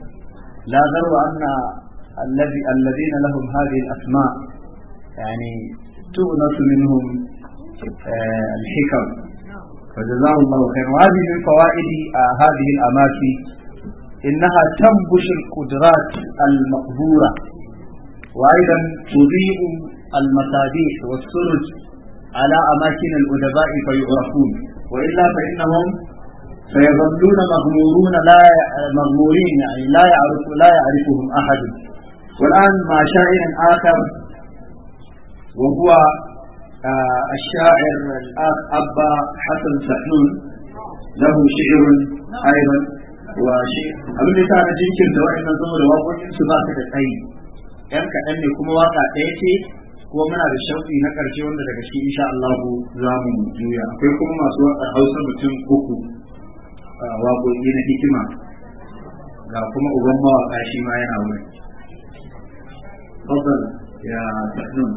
Speaker 1: لا غرو أن الذي الذين لهم هذه الأسماء يعني تؤنس منهم آه، الحكم فجزاهم الله خيرا وهذه من فوائد آه، هذه الأماكن إنها تنبش القدرات المقبورة وأيضا تضيء المصابيح والسرج على أماكن الأدباء فيعرفون وإلا فإنهم فيظلون مغمورون لا مغمورين يعني لا يعرف لا يعرفهم احد والان مع شاعر اخر وهو آه، الشاعر الاخ ابا حسن سحنون له شعر ايضا وشعر ابن كان جنكم دوائما زور وقلت سباقك اي كان كان يكون واقع تيتي kuma muna da shauƙi na ƙarshe wanda daga shi insha Allah za mu juya akwai kuma masu waƙoƙi na hikima ga kuma uban mawaƙa shi ma yana wurin fadal ya sa'adun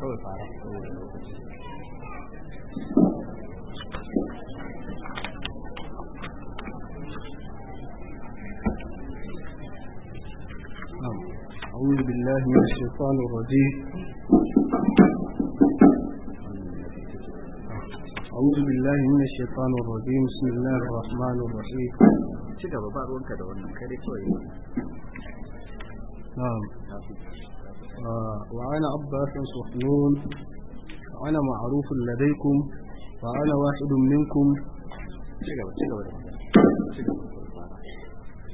Speaker 1: kawai fara أعوذ بالله من الشيطان الرجيم أعوذ بالله من الشيطان الرجيم بسم الله الرحمن الرحيم نعم آه، وأنا عباس صحنون وأنا معروف لديكم وأنا واحد منكم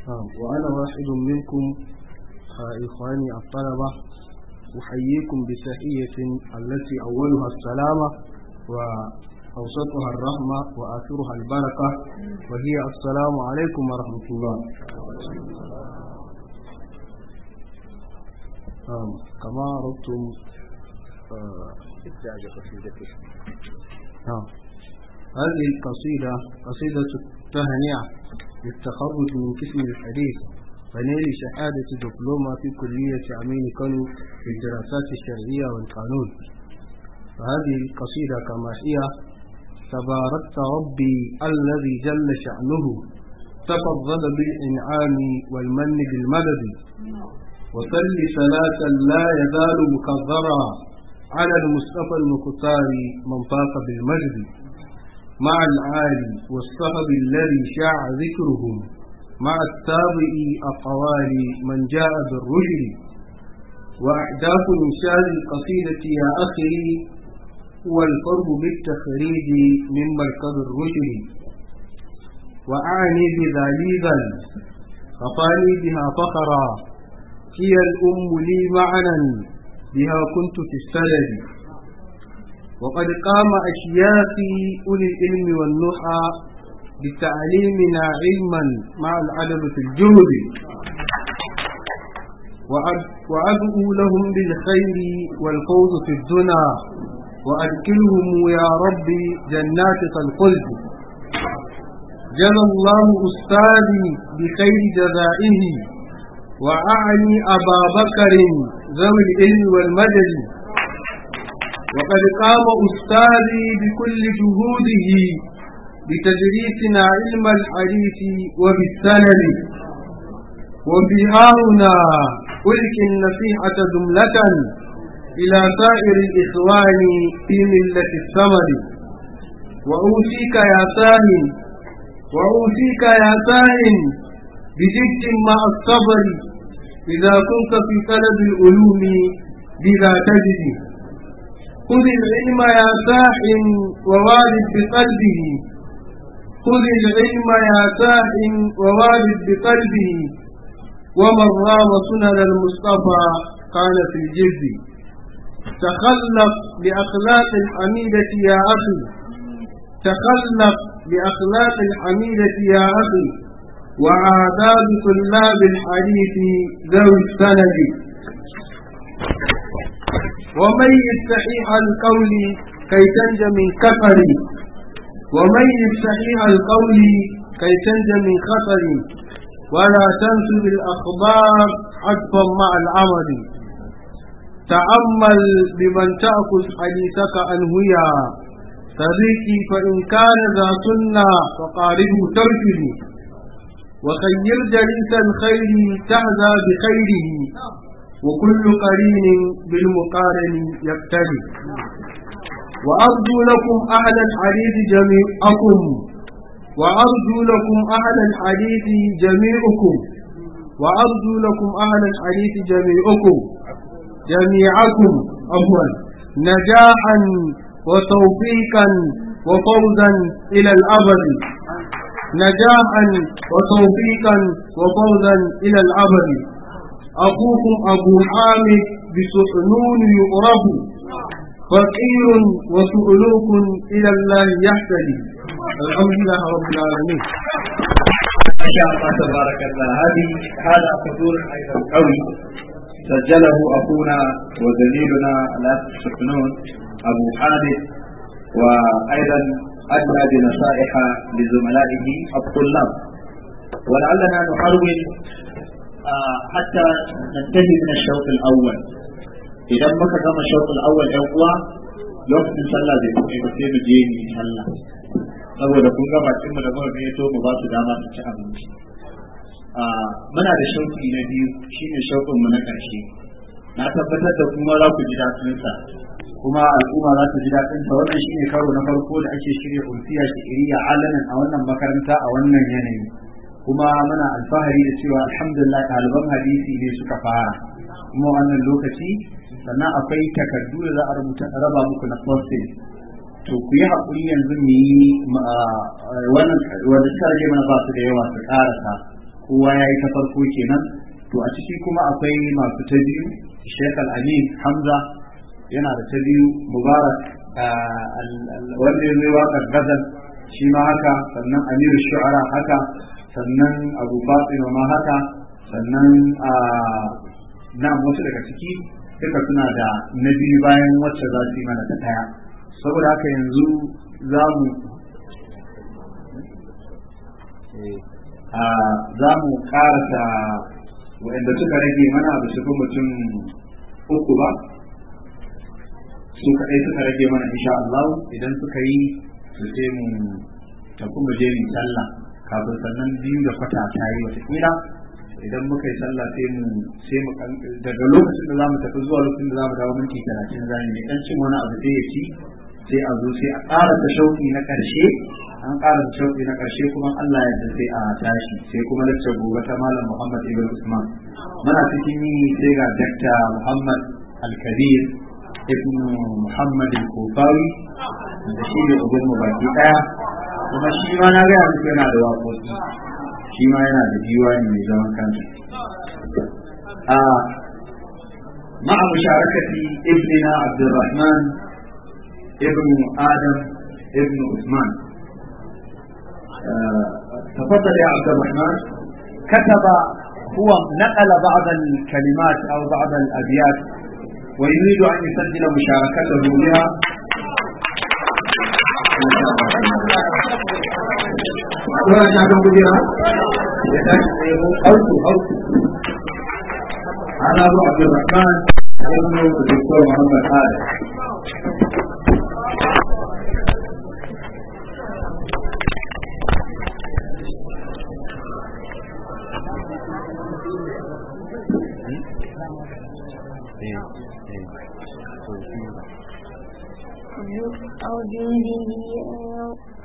Speaker 1: نعم. وأنا واحد منكم إخواني الطلبة أحييكم بتحية التي أولها السلامة وأوسطها الرحمة وآخرها البركة وهي السلام عليكم ورحمة الله كما أردتم قصيدتي هذه القصيدة قصيدة التهنئة للتخرج من قسم الحديث ونيل شهادة دبلومة في كلية أمين كانوا في الدراسات الشرعية والقانون فهذه القصيدة كما هي تباركت ربي الذي جل شأنه تفضل بالإنعام والمن بالمدد وصل صلاة لا يزال مكذرا على المصطفى المختار من فاق بالمجد مع العالي والصحب الذي شاع ذكرهم مع التابع أقوال من جاء بالرجل وأحداث إنشاد القصيدة يا أخي هو القرب بالتخريج من مركب الرجل وأعني بذا ليذا أطالي بها فخرا هي الأم لي معنا بها كنت في السلد وقد قام أشيافي أولي العلم والنحى بتعليمنا علما مع في الجهد وأدعو لهم بالخير والفوز في الدنا وأدخلهم يا ربي جنات الخلد جزى الله أستاذي بخير جزائه وأعني أبا بكر ذوي العلم والمدد وقد قام أستاذي بكل جهوده بتدريسنا علم الحديث وبالسند وبهاهنا ألك النصيحة جملة إلى سائر الإخوان في ملة الثمر وأوصيك
Speaker 3: يا ساهن وأوصيك يا ساهن بجد مع الصبر إذا كنت في طلب العلوم بلا
Speaker 1: تجد خذ العلم يا ساح ووالد بقلبه خذ العلم يا سائل ووالد بقلبه ومن رام سنن المصطفى قال في الجزء تخلق بأخلاق الحميدة يا أخي تخلق بأخلاق الحميدة يا أخي وعذاب طلاب الحديث ذوي السند وميز صحيح القول كي تنج من كفري وميز صحيح القول كي تنجى من خطر ولا تنسب الأخبار عطفا مع العمل تأمل بمن تأخذ حديثك أنهيا صديقي فإن كان ذا سنة فقاربه تركه وخير جليس الخير تعزى بخيره وكل قرين بالمقارن يبتلي وأرجو لكم أهل الحديث جميعكم وأرجو لكم أهل الحديث جميعكم وأرجو لكم أهل الحديث جميعكم جميعكم عفوا نجاحا وتوفيقا وفوزا إلى الأبد نجاحا وتوفيقا وفوزا إلى الأبد أخوكم أبو حامد بسحنون يعرف فقير وسؤلوك إلى الله يحتدي الحمد لله رب العالمين ما شاء الله تبارك الله هذه هذا حضور أيضا قوي سجله أخونا وزميلنا الأخ السكنون أبو حامد وأيضا أدنى بنصائح لزملائه الطلاب ولعلنا نحاول آه، حتى ننتهي من الشوط الأول idan muka gama shawkul awwal ɗan uwa lokacin sallah bai kuma ba sai mu je mu yi sallah saboda kun gama cin mu da mu ne to mu ba su dama su ci abinci muna da shauki na biyu shine shaukin mu na ƙarshe na tabbatar da kuma za ku ji daɗin sa kuma al'umma za su ji daɗin sa wannan shine karo na farko da ake shirya kunsiya shiriya alanan a wannan makaranta a wannan yanayi kuma muna alfahari da cewa alhamdulillah ɗaliban hadisi ne suka fara kuma wannan lokaci sannan akwai takardu da za a rubuta raba muku na posting to ku yi haƙuri yanzu mu yi eh, wannan wanda suka rage mana ba su da yawa su ƙarasa kowa ya yi ta farko kenan to a ciki kuma akwai masu ta biyu Sheikh Al-Amin Hamza yana da ta biyu Mubarak eh, wanda ya zai waƙar Gazal shi ma haka sannan Amiru Shu'ara haka sannan Abu Fatima ma haka sannan ah, na wasu daga ciki duka suna da na biyu bayan wacce za su yi mana ta taya saboda haka yanzu za mu eh, za mu karata waɗanda suka rage mana da shi mutum uku ba su kaɗai suka rage mana insha Allah idan suka yi su ce mu tafi mu je mu sallah kafin sannan biyu da kwata ta yi wata kila idan muka yi sallah sai mu sai mu daga lokacin da zamu tafi zuwa lokacin da zamu dawo minti 30 zamu ne dan cin wani abu sai ya ci sai a zo sai a ƙara ta shauƙi na ƙarshe an ƙara ta shauƙi na ƙarshe kuma Allah ya sai a tashi sai kuma lecture gobe ta malam Muhammad Ibn Usman muna cikin yi sai ga Dr. Muhammad Al-Kabir Ibn Muhammad Al-Kofawi da shi ne ubin mu baki ɗaya kuma shi ma na gaya yana da waƙoƙi shi ma yana da jiwani mai zaman kanta a مع مشاركة ابننا عبد الرحمن ابن آدم ابن عثمان تفضل يا عبد الرحمن كتب هو نقل بعض الكلمات أو بعض الأبيات ويريد أن يسجل مشاركته بها Terima kasih. يدخل حوته
Speaker 2: حوته أنا أبو عبد الرحمن ابن الدكتور محمد حارث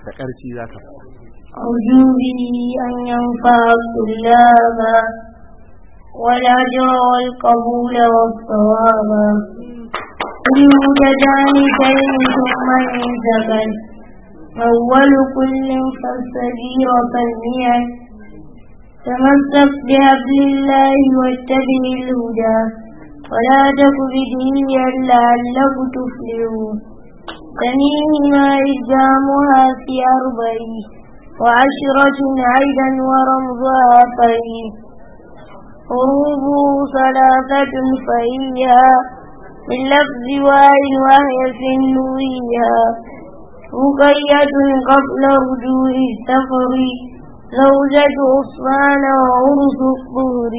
Speaker 2: da ƙarfi za ka
Speaker 4: عجوبه أن ينفع الطلاب والأجر والقبول والثواب كل متدان كلم ثم انتقل أول كل فالصغير فالنية تمسك بحبل الله واتبع الهدى ولا تك بدنيا لعلك تفلح ما إلزامها في أربعين وعشرة عيدا ورمضها فيه حروبه ثلاثة فإيها من لفظ واي وهي سنويها رقية قبل رجوع السفر زوجة عثمان وعرس الظهر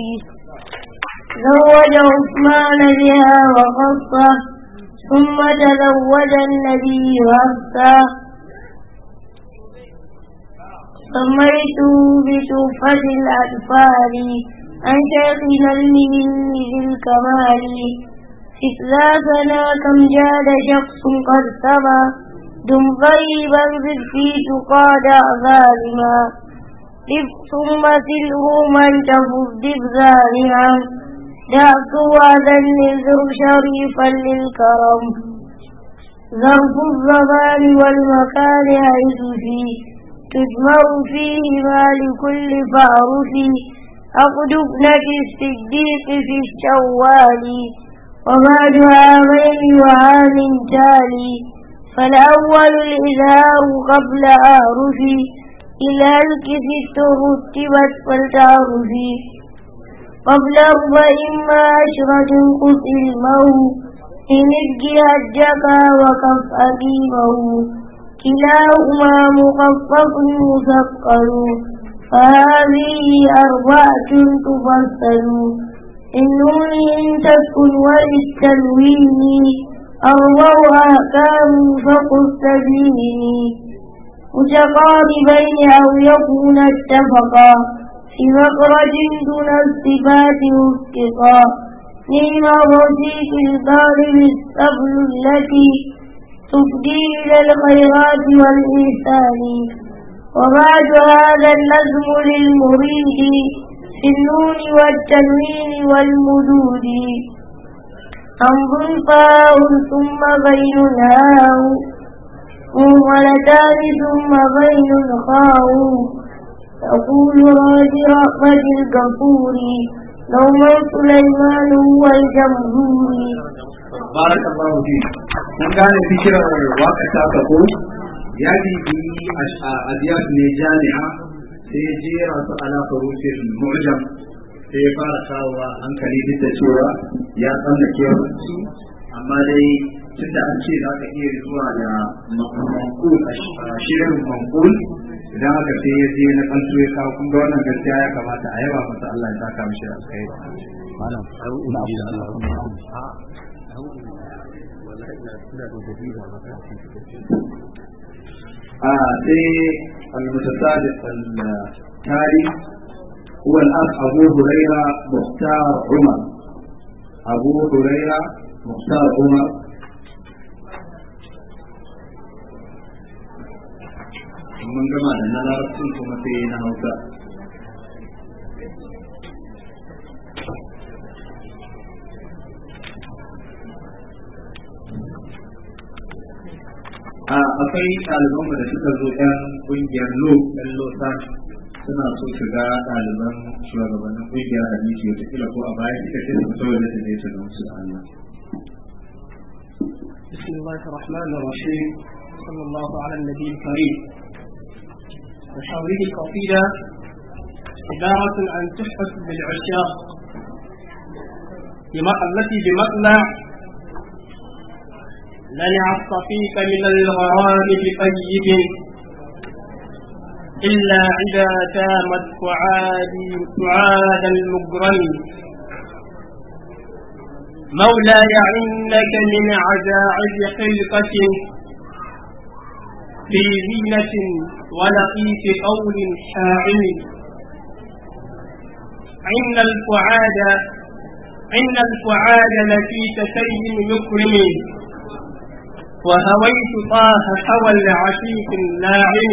Speaker 4: زوج عثمان بها وخصه ثم تزوج النبي وخصه سميت بتحفة الأطفال أن شيخنا من ذي الكمال استثلاثنا كم جاد شخص قد سما دم غيبا في تقاد ظالما ثم سله من تفض بظالما دعك وعدا للذر شريفا للكرم ظرف الزمان والمكان عز فيه تجمع فيهما لكل فارس أقدبن في الصديق في الشوال وما جهامين وعام تالي فالأول الإزهار قبل آرف إلى الكفت ترتبت والتعرف قبل أربعهما عشرة قتل الموت إن الجهد جفا وكف أقيمه كلاهما مخفف مثقل فهذه أربعة تفصل إن إن تسكن وللتلوين أربع أحكام فقستبيني متقاربين أو يكون اتفقا في مخرج دون الصفات مفتقا نعم في الدار الصبر التي تفضي إلى الخيرات والإنسان وبعد هذا النظم للمريد في النون والتنوين والمدود أنظر فاء ثم بين هاو مهملتان ثم بين خاو يقول راجي رحمة الكفور نوم سليمان والجمهور
Speaker 1: barakallahu fi mun gane fikirar waka ta ka ko ya bibi abiyat ne jami'a sai ya jera su ala farufin mu'jam sai ya fara kawowa hankali duk da cewa ya tsallake wasu amma dai tun da an ce za ka iya zuwa da mankul a shirin mankul idan aka sai ya je na kanto ya kawo kun ga wannan gaskiya ya kamata a yaba masa Allah ya saka mishi alkhairi
Speaker 2: malam ai ina abu da Allah آه
Speaker 1: المتسابق التالي هو الأب أبو هريرة مختار عمر أبو هريرة مختار عمر من كمان أنا لا أرسلكم في akwai ɗalibanmu da suka zo ɗan ƙungiyar lo ɗan lo suna so su ga ɗaliban shugabannin ƙungiyar hadisi wata kila ko a baya ita ce su fito da ne ta gamsu Allah. بسم الله الرحمن الرحيم صلى الله على النبي الكريم وهذه القصيدة عبارة عن تحفة للعشاق التي بمطلع لنع الصفيف من الغرام بطيب إلا إذا تامت فعادي فعاد المجرم مولاي عندك من عجائب خلقة في زينة ولطيف قول شاعر إن الفعاد إن الفعاد لفي تسيم مكرم وهويت طه حوى العشيق الناعم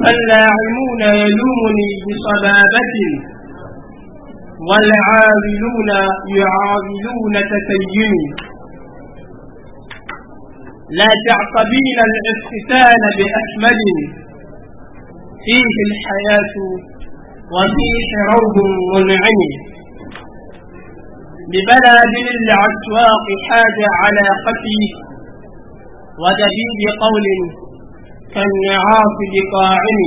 Speaker 1: فاللاعمون يلومني بصبابة والعاذلون يعاملون تتيمي لا تعقبين الاغتسال بأكمل فيه الحياة وفيه روض منعم ببلادل العشواق حاجة على قتي ودبيب قول كالنعاس بقاعم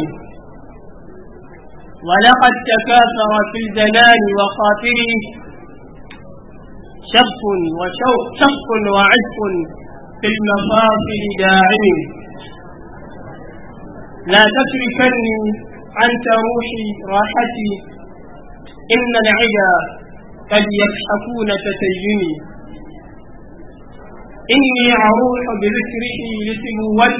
Speaker 1: ولقد تكاثر في الزمان وخاطري شف وشوق شف وعشق في المفاصل داعم لا تتركني عن روحي راحتي إن العدا قد يضحكون تتيني إني أروح بذكره لسبوة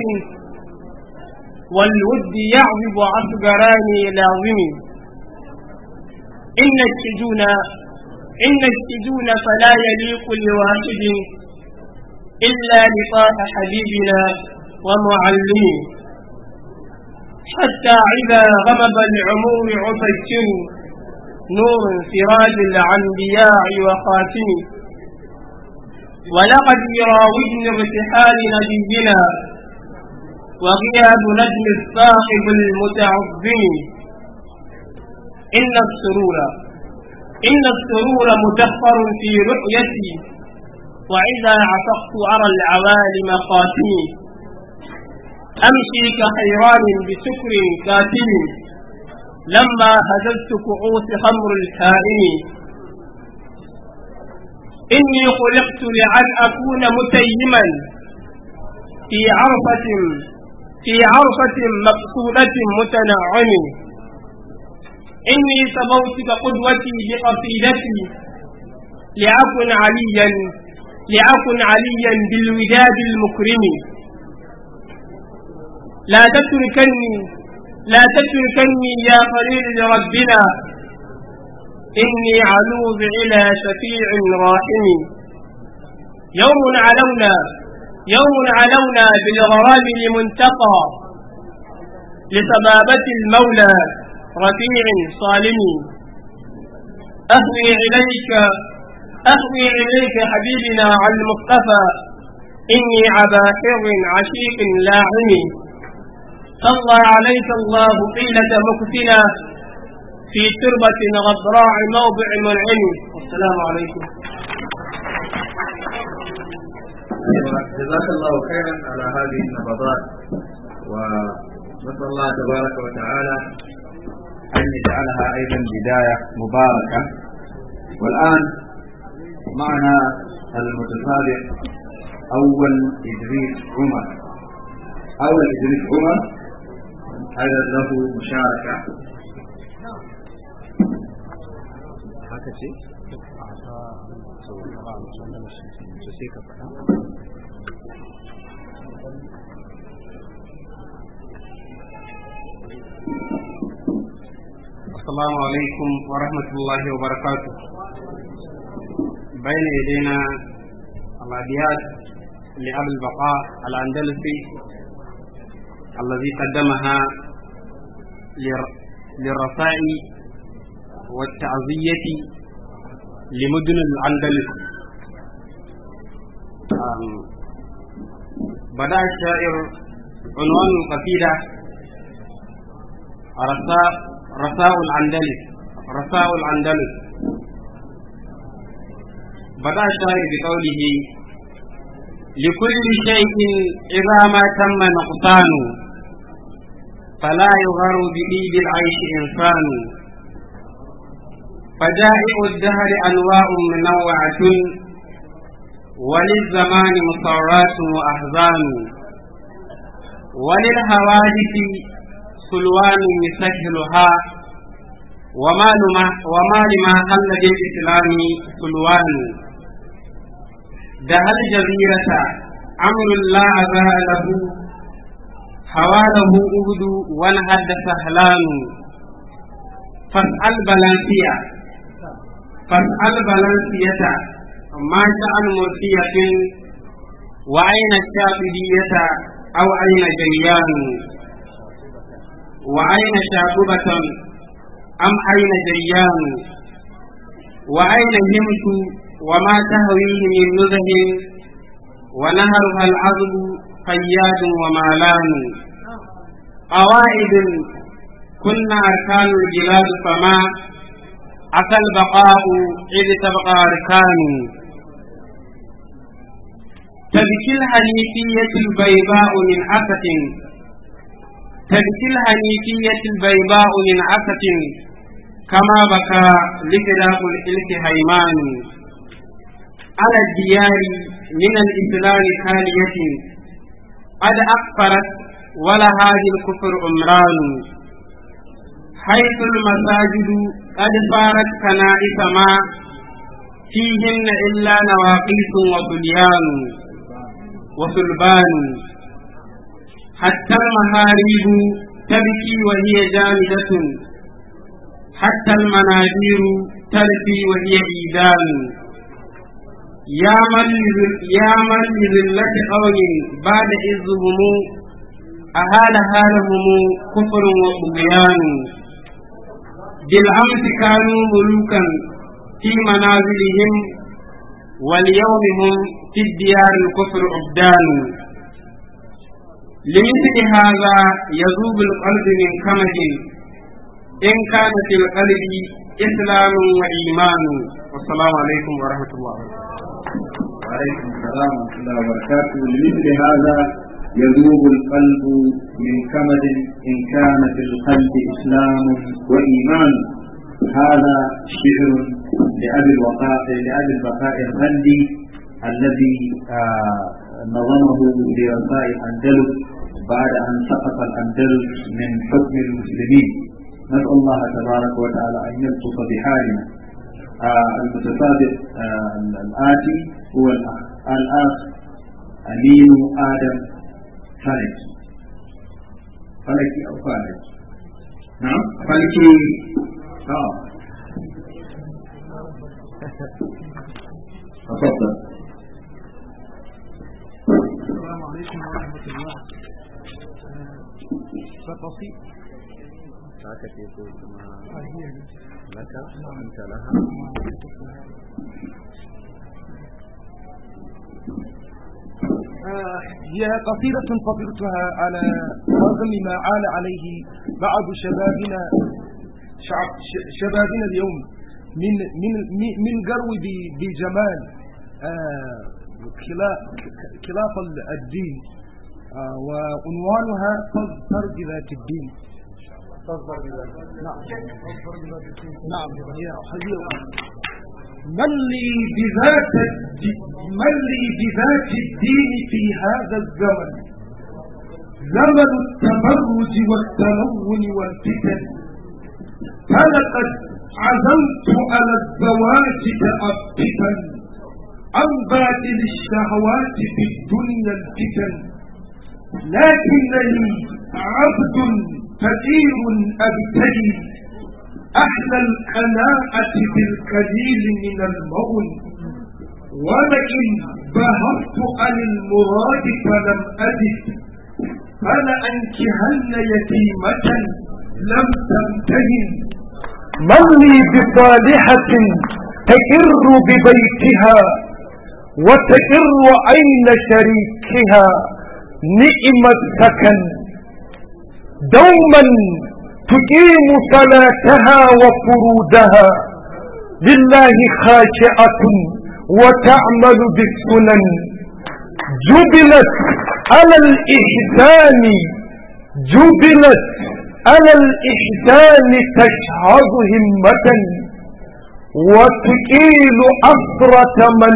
Speaker 1: والود يعذب عسكراني لازمي إن السجون إن السجون فلا يليق لواحد إلا لقاء حبيبنا ومعلمي حتى إذا غضب العموم عفجر نور سراج الأنبياء وخاتمه ولقد يراودن ارتحال نبينا وغياب نجم الصاحب المتعظم إن السرور إن السرور مدخر في رؤيتي وإذا عفقت أرى العوالم خاتمي أمشي كحيران بسكر كاتم لما هززت كؤوس خمر الكائن إني خلقت لأن أكون متيما في عرفة في عرفة مقصودة متنعم إني سبوت بقدوتي بقصيدتي لأكن عليا لأكن عليا بالوداد المكرم لا تتركني لا تتركني يا خليل لربنا إني علوب إلى شفيع راحم يوم علونا يوم علونا بالغرام لمنتقى لسبابة المولى رفيع صالم أهوي إليك أهوي إليك حبيبنا على المصطفى إني عباحر عشيق لاعم صلى عليك الله طيلة مكثنا في تربة غضراء موضع منعم والسلام عليكم جزاك الله خيرا على هذه النبضات ونسأل الله تبارك وتعالى أن يجعلها أيضا بداية مباركة والآن معنا المتسابق أول إدريس عمر أول إدريس عمر هل له مشاركة السلام عليكم ورحمة الله وبركاته بين يدينا الأبيات لأبي البقاء الأندلسي الذي قدمها للرفاء والتعزية لمدن الأندلس بدأ الشاعر عنوان القصيدة رثاء رثاء الأندلس رثاء الأندلس بدأ الشاعر بقوله لكل شيء إذا ما تم نقصانه فلا يغار به بالعيش إنسان فجائع الدهر أنواع منوعة وللزمان مصارات وأحزان وللحوادث سلوان يسهلها وما لما قل بالإسلام سلوان دهى الجزيرة أمر لا أزال له حواله أبد ونهد سهلان فاسأل بلانسية فاسأل بلانسية ما شاء مرسية وأين الشاطبية أو أين جيان وأين شاطبة أم أين جيان وأين همت وما تهويه من نزه ونهرها العذب قياد ومالان أوائد كنا أركان البلاد فما أتى البقاء إذ تبقى أركان تبكي الحنيفية البيضاء من عفة تبكي الحنيفية البيضاء من عفة كما بكى لكلاق الإلك هيمان على الديار من الإسلام خالية قد أكفرت ولها الكفر عمران حيث المساجد قد صارت كنائس ما فيهن إلا نواقيس وصبيان وصلبان حتى المهاريب تبكي وهي جامدة حتى المناجير تلفي وهي إيدان يا من يا من لذلة قوم بعد إذهم أهال حالهم كفر وطغيان بالأمس كانوا ملوكا في منازلهم واليوم هم في الديار الكفر عبدان لمثل هذا يذوب القلب من كمه إن كان في القلب إسلام وإيمان والسلام عليكم ورحمة الله وبركاته وعليكم السلام ورحمة الله وبركاته لمثل هذا يذوب القلب من كمد إن كان في القلب إسلام وإيمان هذا شعر لأبي الوقاء لأبي البقاء الغندي الذي آه، نظمه لوفاء الأندلس بعد أن سقط الأندلس من حكم المسلمين نسأل الله تبارك وتعالى أن يلطف بحالنا آه، المتسابق آه الآتي هو الأخ الأخ أمين آدم خالد فلكي أو خالد نعم فلكي آه
Speaker 2: تفضل السلام عليكم ورحمة الله فقصي ساكت يقول ما
Speaker 1: لك أنت لها نعم.
Speaker 3: آه، هي قصيدة فطرتها على رغم ما عانى عليه بعض شبابنا شعب شبابنا اليوم من من من جرو بجمال آه، خلاف الدين آه، وعنوانها
Speaker 1: تظهر بذات الدين تظهر بذات الدين نعم
Speaker 2: نعم
Speaker 3: هي حزيرة من لي بذات من بذات الدين في هذا الزمن زمن التبرج والتلون والفتن فلقد عزمت على الزواج تأبدا عن باطل الشهوات في الدنيا الفتن لكنني عبد فقير أبتلي أحلى القناعة بالقليل من المول ولئن بهرت عن المراد فلم أجد أنكهن يتيمة لم تمتهن من لي بصالحة تئر ببيتها وتئر عين شريكها نئم السكن دوما تقيم صلاتها وفروجها لله خاشعة وتعمل بالسنن جبلت على الإحسان جبلت على الإحسان تشعر همة وتقيل أسرة من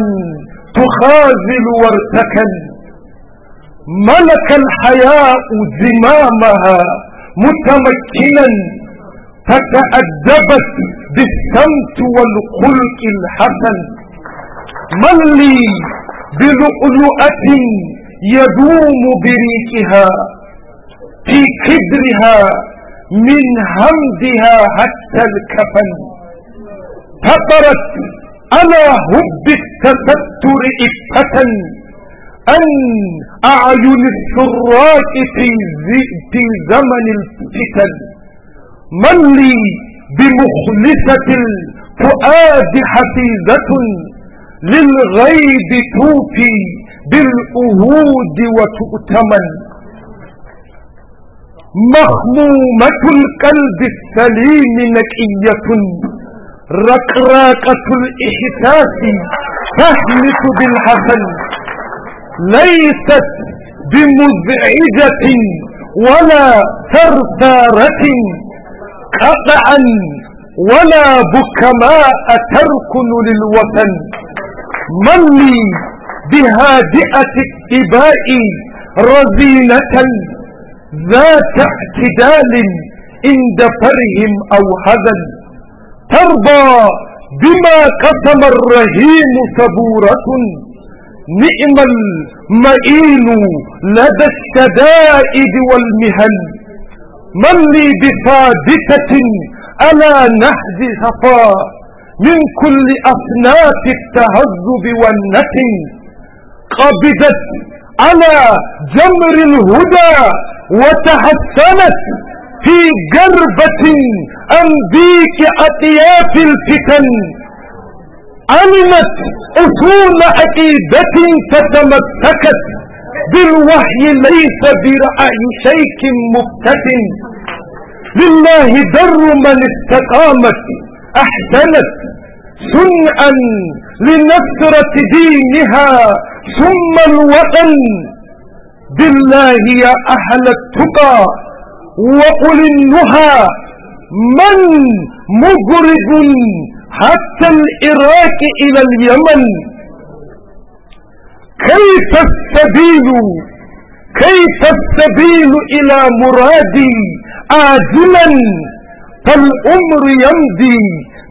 Speaker 3: تخاذل وارتكن ملك الحياء زمامها متمكنا فتأدبت بالسمت والخلق الحسن من لي بلؤلؤة يدوم بريقها في كدرها من همدها حتى الكفن فطرت على هب التستر إفة أن أعين السراك في, في زمن الفتن من لي بمخلصة الفؤاد حفيظة للغيب توفي بالأهود وتؤتمن مخمومة القلب السليم نكية ركراكة الإحساس تهلك بالحسن ليست بمزعجة ولا ثرثارة قطعا ولا بكماء تركن للوطن من لي بهادئة اتباء رزينة ذات اعتدال عند فرهم او حزن ترضى بما قسم الرهيم صبوره نئم المئين لدى الشدائد والمهل من لي بفادثة ألا نهج خطا من كل أصناف التهذب والنتن قبضت على جمر الهدى وتحسنت في جربة أنبيك أطياف الفتن علمت اصول عقيدة فتمسكت بالوحي ليس برأي شيخ مبتد لله در من استقامت احسنت سنعا لنصرة دينها ثم الوطن بالله يا اهل التقى وقل النهى من مغرب حتى العراق إلى اليمن كيف السبيل كيف السبيل إلى مرادي آدما فالأمر يمضي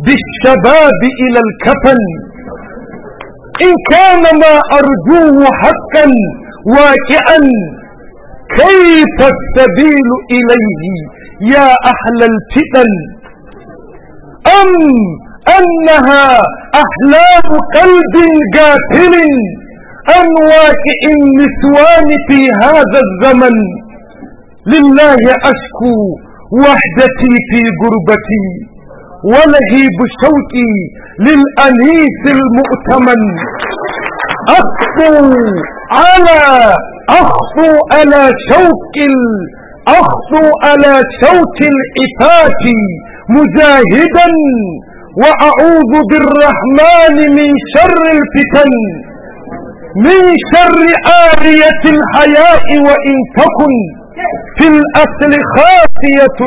Speaker 3: بالشباب إلى الكفن إن كان ما أرجوه حقا واقعا كيف السبيل إليه يا أهل الفتن أم أنها أحلام قلب قاتل انواك النسوان في هذا الزمن لله أشكو وحدتي في قربتي ولهيب شوقي للأنيس المؤتمن أخفو على أخفو على شوق أخفو على شوق الافاك مجاهدا وأعوذ بالرحمن من شر الفتن من شر آلية الحياء وإن تكن في الأصل خافية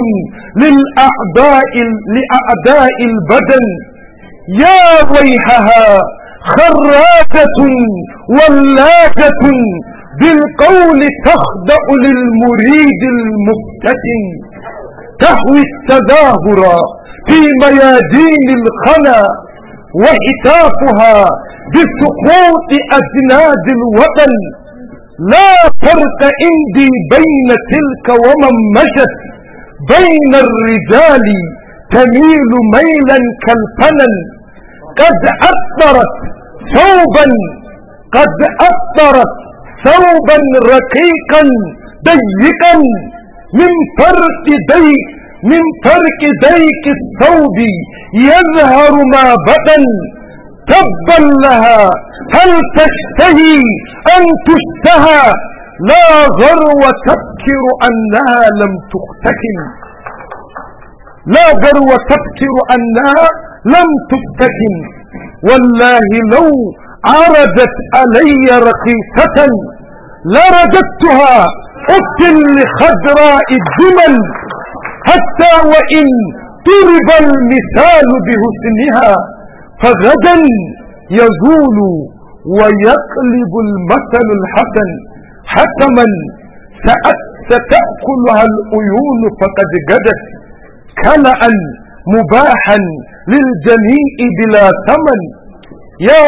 Speaker 3: للأعداء لأعداء البدن يا ويحها خراجة ولاجة بالقول تخدع للمريد المفتتن تهوي التداهر في ميادين الخنا وهتافها بسقوط أجناد الوطن لا فرق عندي بين تلك ومن مشت بين الرجال تميل ميلا كالفنن قد أثرت ثوبا قد أثرت ثوبا رقيقا ضيقا من فرق بيت من ترك ديك الثوب يظهر ما بدل تبا لها هل تشتهي أن تشتهى لا غرو تبكر أنها لم تختتن لا غرو تبكر أنها لم تختتن والله لو عرضت علي رقيقة لرددتها أكل لخضراء الجمل حتى وإن طرب المثال بحسنها فغدا يزول ويقلب المثل الحسن حتما ستأكلها العيون فقد جدت كلأ مباحا للجميع بلا ثمن يا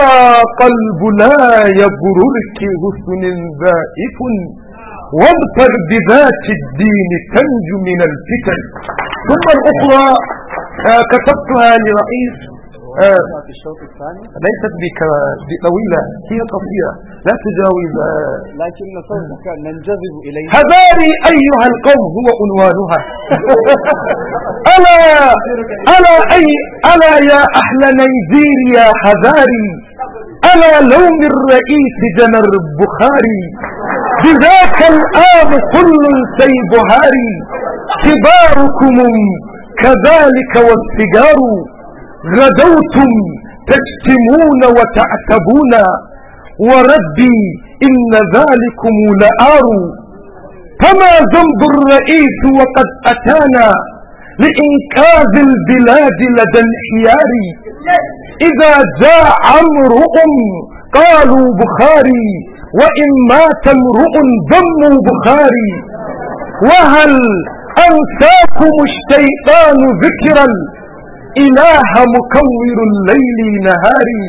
Speaker 3: قلب لا يبررك حسن بائف وابتغ بذات الدين تنجو من الفتن ثم الأخرى آه كتبتها لرئيس آه ليست بطويلة هي قصيرة لا تجاوز آه لكن صوتك ننجذب إليها هذاري أيها القوم هو عنوانها ألا ألا أي ألا يا أهل نيجيريا هذاري ألا لوم الرئيس جنر بخاري بذاك الآن كل سيبهاري كباركم كذلك والسجار غدوتم تجتمون وتعتبون وربي إن ذلكم لآر فما ذنب الرئيس وقد أتانا لإنقاذ البلاد لدى الحيار إذا جاء امرؤ قالوا بخاري وإن مات امرؤ دم بخاري وهل أنساكم الشيطان ذكرا إله مكور الليل نهاري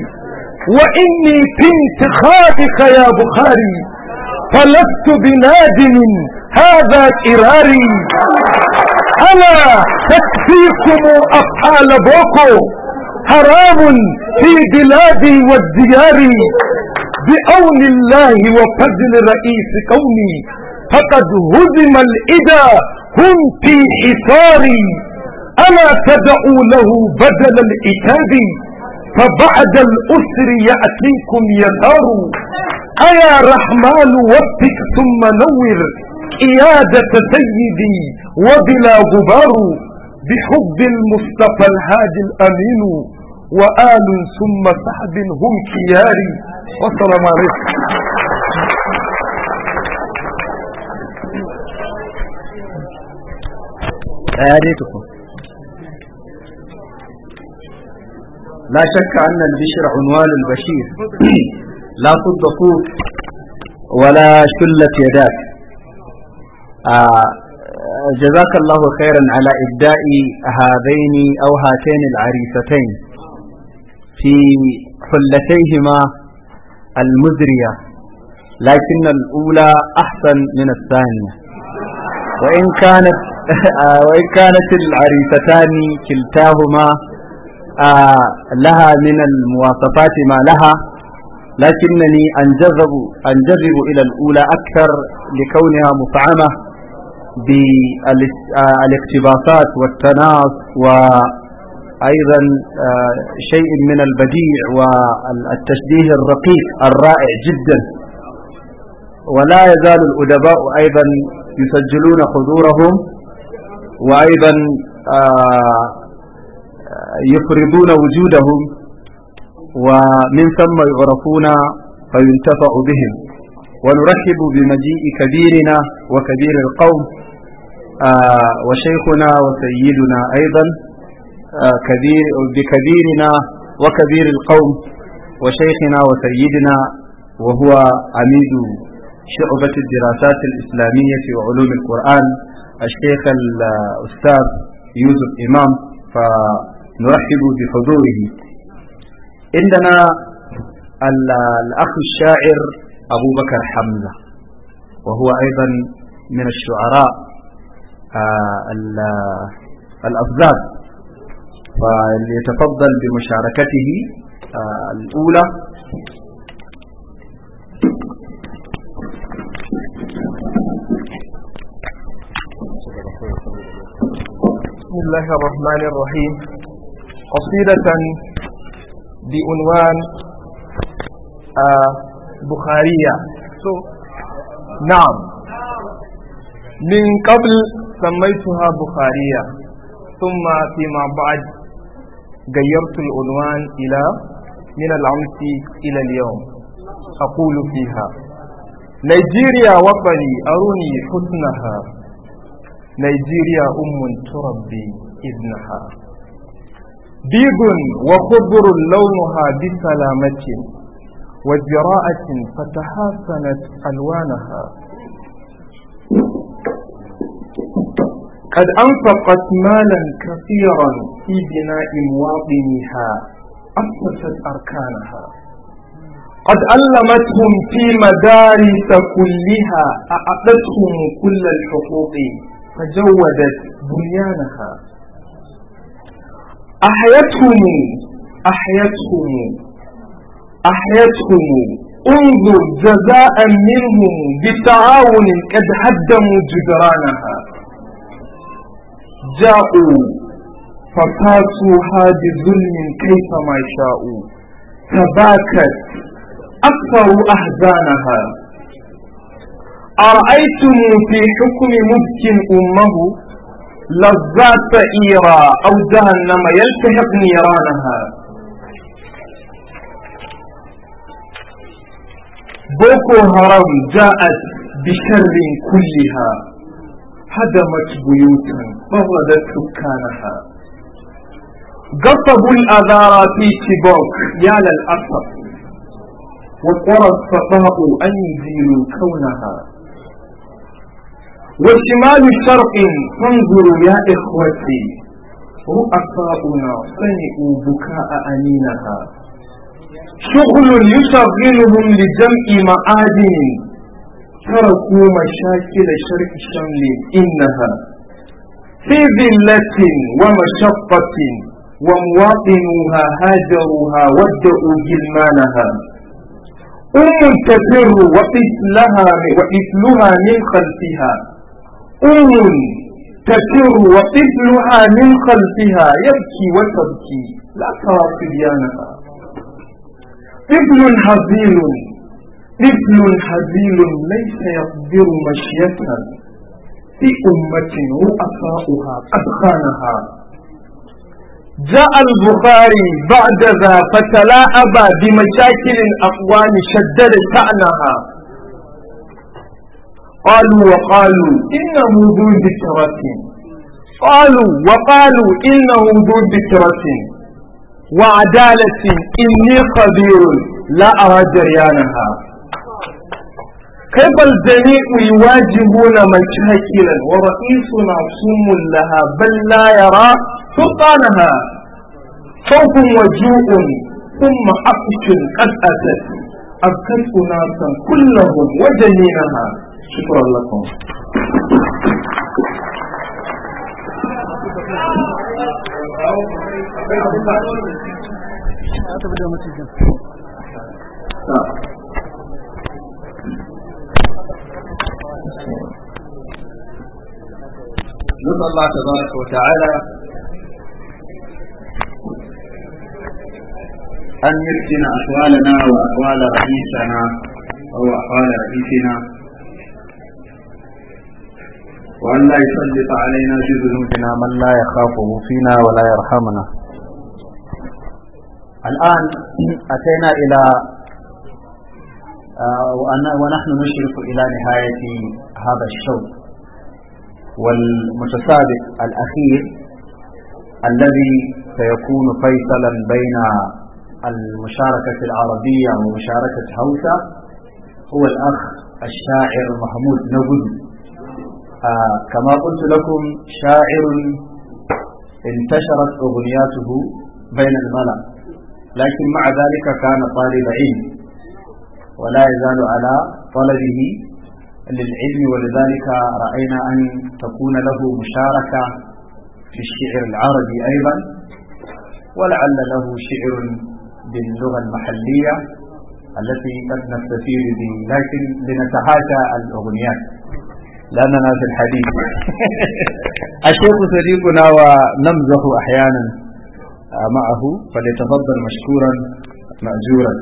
Speaker 3: وإني في انتخابك يا بخاري فلست بنادم هذا إراري ألا تكفيكم أفعال بوكو حرام في بلادي والديار بأون الله وفضل رئيس كوني فقد هدم الإدى هم في حصاري ألا تدعوا له بدل الإتاب فبعد الأسر يأتيكم يسار أيا رحمن وفق ثم نور قيادة سيدي وبلا غبار بحب المصطفى الهادي الأمين وآل ثم سعد هم كياري والسلام عليكم
Speaker 1: آلتكم لا شك أن البشر عنوان البشير لا صد ولا شلت يداك آه جزاك الله خيرا على إبداء هذين أو هاتين العريستين في حلتيهما المزرية لكن الأولى أحسن من الثانية وإن كانت وإن كانت العريستان كلتاهما آه، لها من المواصفات ما لها لكنني أنجذب, أنجذب إلى الأولى أكثر لكونها مطعمة بالاقتباسات آه، والتناص و أيضا آه، شيء من البديع والتشبيه الرقيق الرائع جدا ولا يزال الأدباء أيضا يسجلون حضورهم وأيضا آه، يفرضون وجودهم ومن ثم يعرفون فينتفع بهم ونرحب بمجيء كبيرنا وكبير القوم آه، وشيخنا وسيدنا أيضا آه، كبير بكبيرنا وكبير القوم وشيخنا وسيدنا وهو عميد شعبة الدراسات الإسلامية وعلوم القرآن الشيخ الأستاذ يوسف إمام فنرحب بحضوره عندنا الأخ الشاعر أبو بكر حمزة وهو أيضا من الشعراء آه، الأفضل فليتفضل بمشاركته آه، الأولى بسم الله الرحمن الرحيم قصيدة بعنوان آه، بخارية so, نعم من قبل سميتها بخارية ثم فيما بعد غيرت العنوان إلى من الأمس إلى اليوم أقول فيها نيجيريا وطني أروني حسنها نيجيريا أم تربي ابنها بيض وخضر لونها بسلامة وزراعة فتحسنت ألوانها قد أنفقت مالا كثيرا في بناء مواطنها أسست أركانها قد علمتهم في مدارس كلها أعطتهم كل الحقوق فجودت بنيانها أحيتهم
Speaker 3: أحيتهم أحيتهم انظر جزاء منهم بتعاون قد هدموا جدرانها جاءوا فقاسوها بظلم كيفما شاءوا تباكت أكثر أحزانها أرأيتم في حكم مبك أمه لذات إيرا أو جهنم يلتهب نيرانها بوكو هرم جاءت بشر كلها هدمت بيوتا فردت سكانها قصب الأذار في شبوك يا للأسف وقرى الصفاء أنزل كونها وشمال الشرق
Speaker 1: فانظروا يا إخوتي رؤساؤنا صنعوا بكاء أنينها شغل يشغلهم لجمع
Speaker 3: معادن تركوا مشاكل شرق شمل إنها في ذلة ومشقة ومواطنوها هاجروها ودعوا جلمانها أم تفر
Speaker 1: وطفلها وطفلها من خلفها أم
Speaker 3: تفر وطفلها من خلفها يبكي وتبكي لا ترى صبيانها ابن هزيل
Speaker 1: ابن هزيل ليس يقدر مشيتها في أمة
Speaker 3: رؤساؤها قد خانها جاء البخاري بعد ذا فتلاعب بمشاكل الأقوام شدد شأنها قالوا وقالوا إنه ذو ذكرة قالوا وقالوا إنه ذو ذكرة وعدالة إني قدير لا أرى جريانها كيف الجميع يواجهون مشاكلا ورئيسنا سم لها بل لا يرى سلطانها صوت وجوء ثم عطش قد أتت ناسا كلهم وجنينها شكرا لكم نسأل الله
Speaker 1: تبارك وتعالى أن يحسن أحوالنا وأحوال رئيسنا أو أحوال رئيسنا وأن لا يسلط علينا في ذنوبنا من لا يخافه فينا ولا يرحمنا الآن أتينا إلى آه، ونحن نشرف إلى نهاية هذا الشوط والمتسابق الأخير الذي سيكون فيصلا بين المشاركة العربية ومشاركة هوسة هو الأخ الشاعر محمود نبوي آه كما قلت لكم شاعر انتشرت أغنياته بين الملأ لكن مع ذلك كان طالب علم ولا يزال على طلبه للعلم ولذلك رأينا أن تكون له مشاركة في الشعر العربي أيضا ولعل له شعر باللغة المحلية التي قد نستفيد به لكن لنتحاشى الأغنيات لأننا في الحديث الشيخ صديقنا ونمزح أحيانا آه، معه فليتفضل مشكورا مأجورا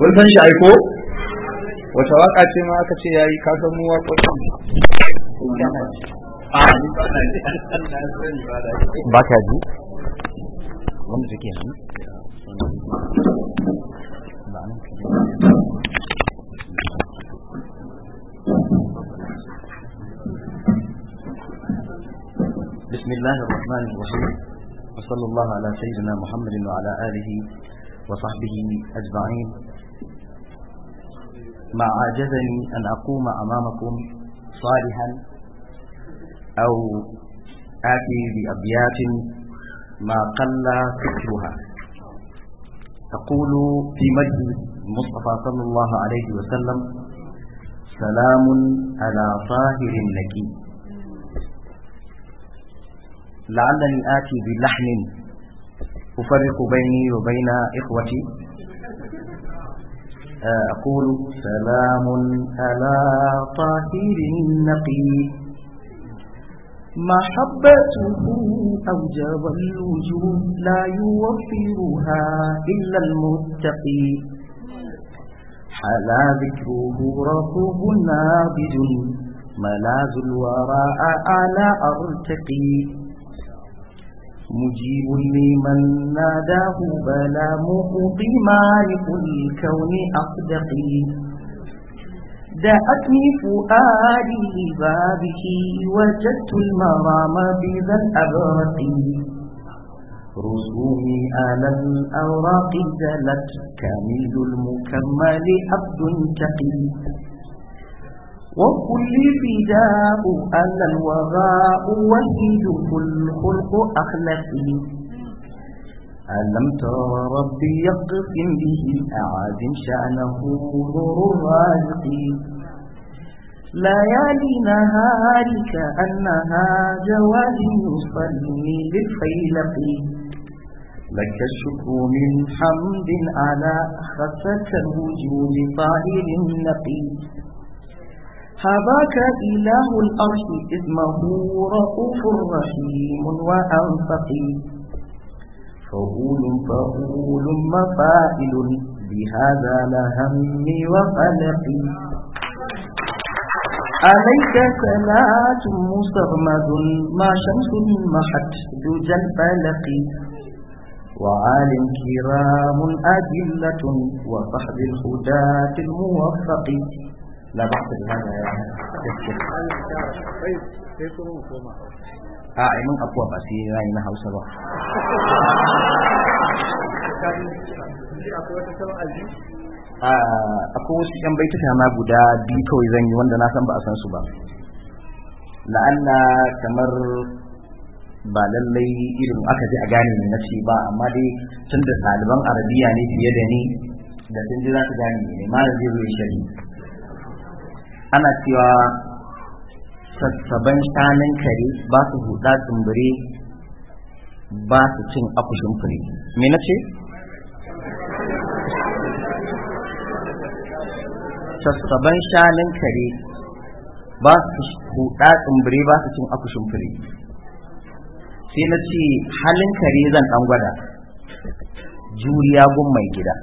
Speaker 1: والبنش عيكو وتوقع ما كتي يا كاسمو وقتي
Speaker 2: باكاجي بسم الله
Speaker 1: الرحمن الرحيم وصلى الله على سيدنا محمد وعلى آله وصحبه أجمعين ما عاجزني أن أقوم أمامكم صالحا أو آتي بأبيات ما قل فكرها تقول في مجلس المصطفى صلى الله عليه وسلم سلام على طاهر نكي لعلني آتي بلحن أفرق بيني وبين إخوتي آه، أقول سلام على طاهر نقي محبته أوجب الوجود لا يوفرها إلا المتقي حلا ذكره رفوه نابج ملاز الوراء على أرتقي مجيب لمن ناداه بلا مقضي مالك الكون أصدقي دعتني فؤادي بابه وجدت المرام بذا الأبرق رسومي على الأوراق زلت كامل المكمل عبد تقي وكل فداء انا الوغاء وحيد الخلق أخلقي ألم تر ربي يقسم به أعاد شأنه نور الرازق ليالي نهارك أنها جواد يصلي للفيلق لك الشكر من حمد على خفة الوجود طائر نقي هباك إله الأرش اسمه رؤوف رحيم وأنفقي فقول فقول مفائل بهذا لهمي وقلقي عليك صلاة مستغمد ما شمس محت دجى الفلق وعال كرام أدلة وصحب الهداة الموفق لا بحث بهذا يا طيب، a ai mun afuwa ba sai yi na Hausa ba akwai wasu yan ta na guda biyu kawai zan yi wanda na san ba a san su ba la'alla kamar ba lallai irin aka ji a gane ne na ce ba amma dai tun da ɗaliban arabiya ne fiye da ni da sun ji za su gane ne ma da zai zo shari ana cewa sassaban shanun kare ba su huda tsumbure ba su cin akushin fure me na ce sassaban shanun kare ba su huda tsumbure ba su cin akushin fure sai na ce halin kare zan dan gwada juriya gun mai gida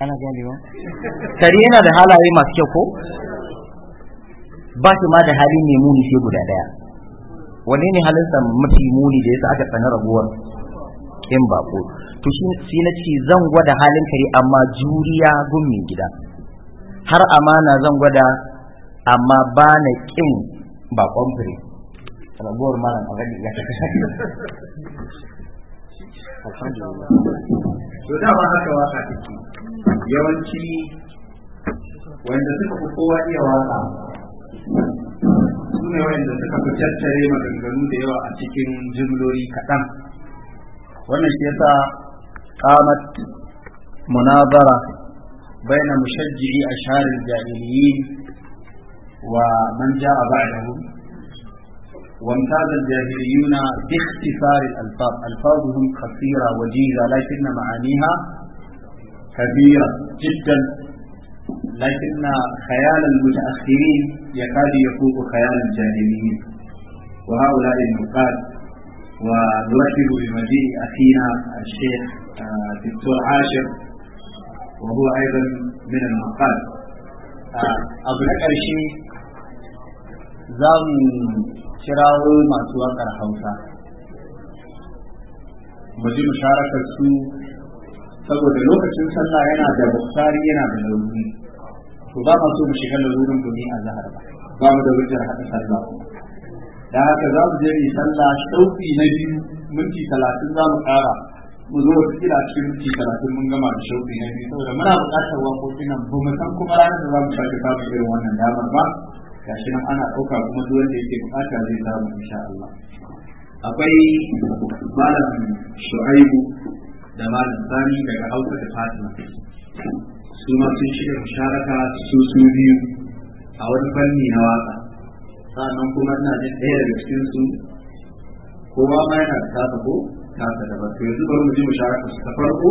Speaker 1: ana ganewa kare yana da halaye masu kyau ko ba shi ma da hali mai muni sai guda daya wanne ne halinsa mafi muni da yasa aka tsana raguwar in ko to shi na ce zan gwada halin kare amma juriya gun gida har amana zan gwada amma ba na kin bakon fure raguwar mara a gani ya to ba haka waka take yawanci wanda suka fi kowa iya waka su ne wa'anda suka fi tattare maganganu da yawa a cikin jimloli kaɗan wannan shi yasa qamat munazara بين مشجعي أشعار الجاهليين ومن جاء بعدهم وامتاز الجاهليون باختصار الألفاظ ألفاظهم قصيرة وجيزة لكن معانيها كبيرة جدا لكن خيال المتأخرين يكاد يفوق خيال الجاهلين وهؤلاء النقاد ونرحب بمجيء اخينا الشيخ دكتور عاشر وهو ايضا من النقاد abu na ƙarshe za mu kirawo masu waƙar hausa mu ji musharakar su saboda lokacin sallah yana da buƙari yana da launi. to ba ma so mu shiga lalurin domin a zahar ba ba mu da hujjar haɗa sallah da haka za mu je mu sallah shauƙi na biyu minti talatin za mu ƙara mu zo wata kila cikin minti talatin mun gama da shauƙi na biyu saboda muna buƙatar waƙoƙi nan ba mu san kuma ranar da za mu sake samun irin wannan damar ba gashi nan ana ɗauka kuma duk wanda yake buƙata zai samu insha Allah akwai malam shu'aibu da malam sani daga hausa da fatima su ma sun shirya musharaka su su biyu a wani fanni na waka sannan kuma ina jin ɗaya daga cikin su kowa ma yana da tasa ko tasa ba, to yanzu bari mu ji musharaka su ta farko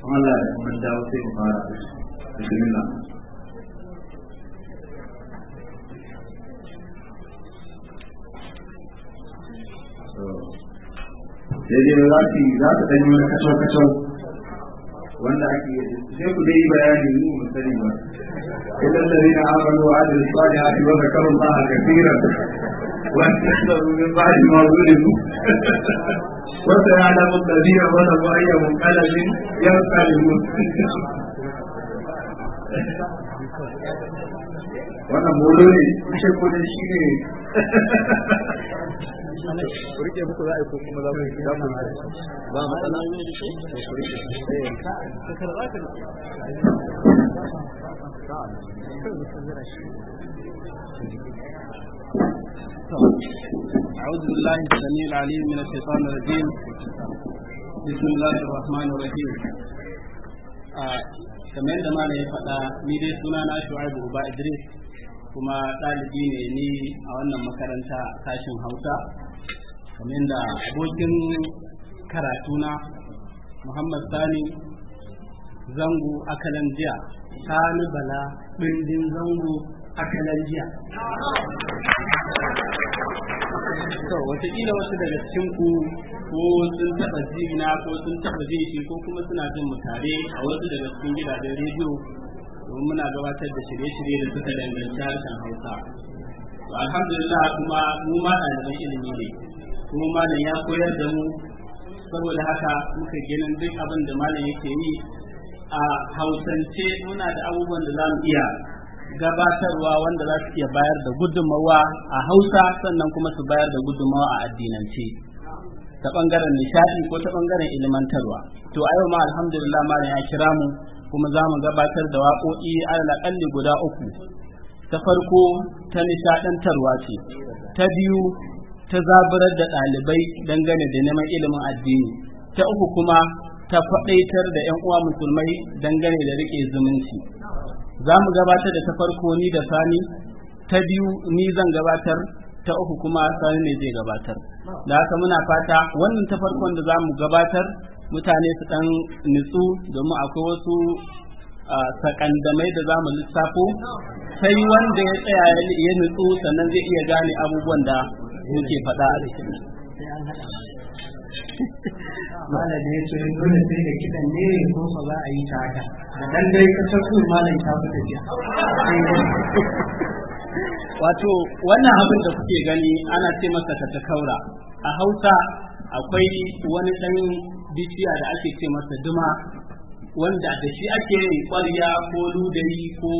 Speaker 1: kuma Allah da kuma dawo sai mu fara da su bismillah sai dai za su yi za su ɗanyi wani kacau-kacau wanda ake yi sai ku dai bayani mu mu sani ba idan da rina amanu wa ajin sani a cikin wata karin ba a kafira wanda da rumin ba shi ma zuri mu wata ya da mun da zira wanda ba ya mun kalalin ya kalin mu
Speaker 2: wannan mulu ne shi kudin shi ne
Speaker 1: ku rike muku za ko kuma za mu yi za mu ba ma ana yi da shi eh, ku rike eh, ka karɓa ka أعوذ بالله السميع العليم من الشيطان الرجيم بسم الله الرحمن الرحيم kamar da malam ya faɗa ni dai suna na shu'aibu uba idris kuma ɗalibi ne ni a wannan makaranta sashen hausa kamar da abokin karatuna muhammad sani zango akalan jiya sani bala bindin zango akalan jiya
Speaker 2: to wataƙila wasu
Speaker 1: daga cikin ku ko sun taɓa jina ko sun taɓa jin shi ko kuma suna jin mu tare a wasu daga cikin gidajen rediyo domin muna gabatar da shirye-shirye da suka danganci harshen hausa alhamdulillah kuma mu ma ɗaliban ilimi ne kuma malam ya koyar da mu saboda haka muka ginin duk abin da malam yake yi a hausance muna da abubuwan da za mu iya gabatarwa wanda za su iya bayar da gudunmawa a hausa sannan kuma su bayar da gudunmawa a addinance ta bangaren nishadi ko ta bangaren ilimantarwa to a yau ma alhamdulillah malam ya kira mu kuma za mu gabatar da waƙoƙi alal guda uku ta farko ta nishadantarwa ce ta biyu ta zaburar da ɗalibai dangane da neman ilimin addini ta uku kuma ta faɗaitar da 'yan uwa musulmai dangane da riƙe zumunci za mu gabatar da ta farko ni da sani ta biyu ni zan gabatar ta uku kuma sani ne zai gabatar da haka muna fata wannan ta farkon da za mu gabatar mutane su ɗan nutsu domin akwai wasu sakandamai da za mu lissafo sai wanda ya tsaya ya nutsu sannan zai iya gane abubuwan da muke faɗa a cikin malam ya ce dole ne ko fa a yi ta haka da dan wato wannan abin da kuke gani ana ce masa katakaura a hausa akwai wani ɗan bishiya da ake ce masa duma wanda da shi ake yin ƙwarya ko ludayi ko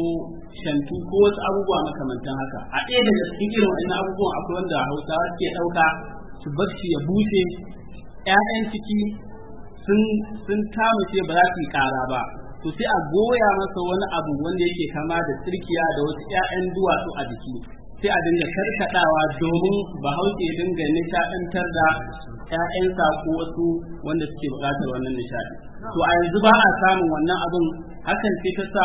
Speaker 1: shantu ko wasu abubuwa makamantan haka a ɗaya daga cikin irin wannan abubuwan akwai wanda hausa ke ɗauka su bar shi ya bushe ƴaƴan ciki sun sun shi ba za su yi ƙara ba to sai a goya masa wani abu wanda yake kama da tsirkiya da wasu ƴaƴan duwatsu a jiki sai a dinga karkadawa domin bahaushe dinga nishadantar da ƴaƴansa ko wasu wanda suke buƙatar wannan nishadi to a yanzu ba a samun wannan abin hakan sai ta sa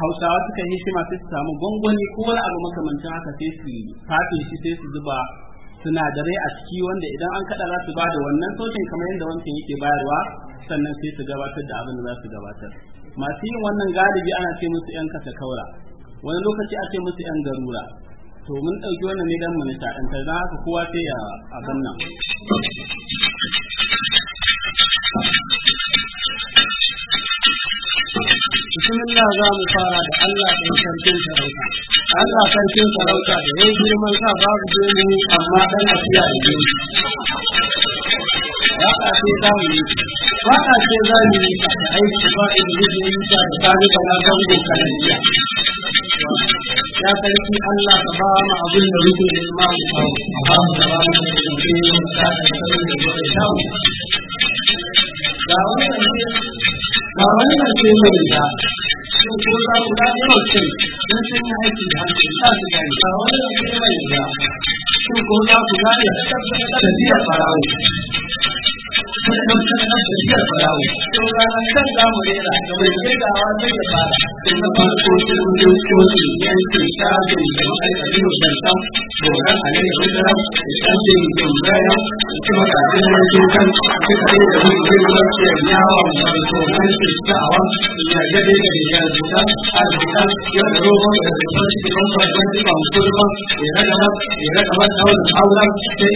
Speaker 1: hausawa suka yi shi masu samu gwangwani ko wani abu makamancin haka sai su fafe shi sai su zuba sinadarai a ciki wanda idan an kaɗa za su ba da wannan sautin kamar yadda wancan yake bayarwa sannan sai su gabatar da abin da za su gabatar masu yin wannan galibi ana ce musu yan kasa kaura wani lokaci a ce musu yan garura to mun ɗauki wannan ne dan mu ta za ka kowa sai ya abin nan Bismillah za mu fara da Allah ɗin sarkin sarauta. Allah sarkin sarauta da ya girman sa babu gani amma dan a fiya da gani. Waka ce za mu yi Waka ce za mu yi ta aiki ba da gudun yi ta da ta ga na gaudin kalanjiya. ya sarki Allah ka ba mu abin da muke nema mu samu ba mu da ba mu da muke nema ka da sanin da muke samu ga wani ga wani da ke mai da ko ko za ku da yawa ce dan sun yi aiki da hankali sa su ga ga wani da ke mai da ko ko za ku da ya tabbata da biya farawo
Speaker 2: kada nan kada nan da jiya fara wa to ran kan da mu rera da mai
Speaker 1: gidawa zai da fara da na farko da da ko da yan ta ta da da ai da ni da ta to ran ale da da ta da ni da baya da ma da da
Speaker 2: ni da kan da da da ni da da da ya wa mu da da
Speaker 1: ya ya da da da ta a da ta ya da ro da da da ma da ta da da ma ya da ma da da ta da ta da da ta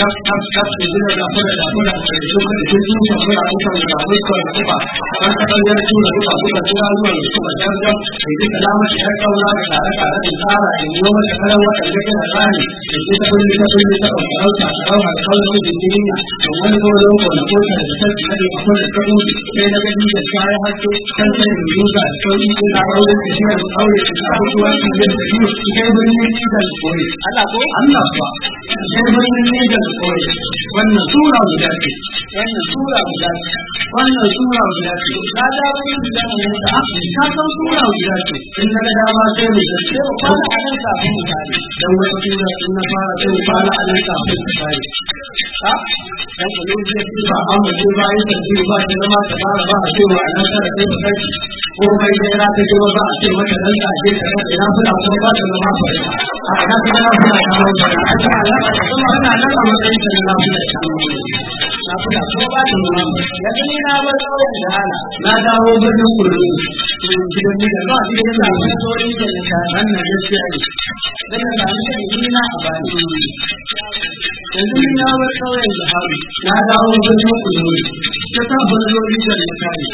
Speaker 1: ta da da da da da shukar da sun zuwa sai a cikin da ba sai kawai ba har ka san yana tuna duka sai ka tuna ruwan da suka jarja sai da tare da da na to ka da
Speaker 2: ko da ka kauta sai Allah ko
Speaker 1: Allah ne da wannan sura ce wannan sura guda ce wannan sura guda ce ka da wani guda ne da ka san sura guda ce in na ga dama sai mu ga sai mu fara a kafin mu tare dan wani sura in na fara sai mu fara a nan kafin mu tare ha dan ko ne ba an mu ba yin da ba zama ta fara ba a cewa a nan sai
Speaker 2: mu kai ko mai da ra ta cewa ba a ce mata dan ka je ta ina fara ko ba ta zama ba a nan kana fara ta wani a ta ala ta kuma ana nan a matsayin ta na fara kafin kuma ba ta nuna mu ya
Speaker 1: gani na bar tsawon da na dawo
Speaker 2: birnin kurdu gidan da ba su da samu tsoron da ta nan na gaskiya
Speaker 1: ne dan na samu yi ni na a ba ni yanzu ni na bar tsawon da na dawo birnin kurdu ta tabbata da ta ne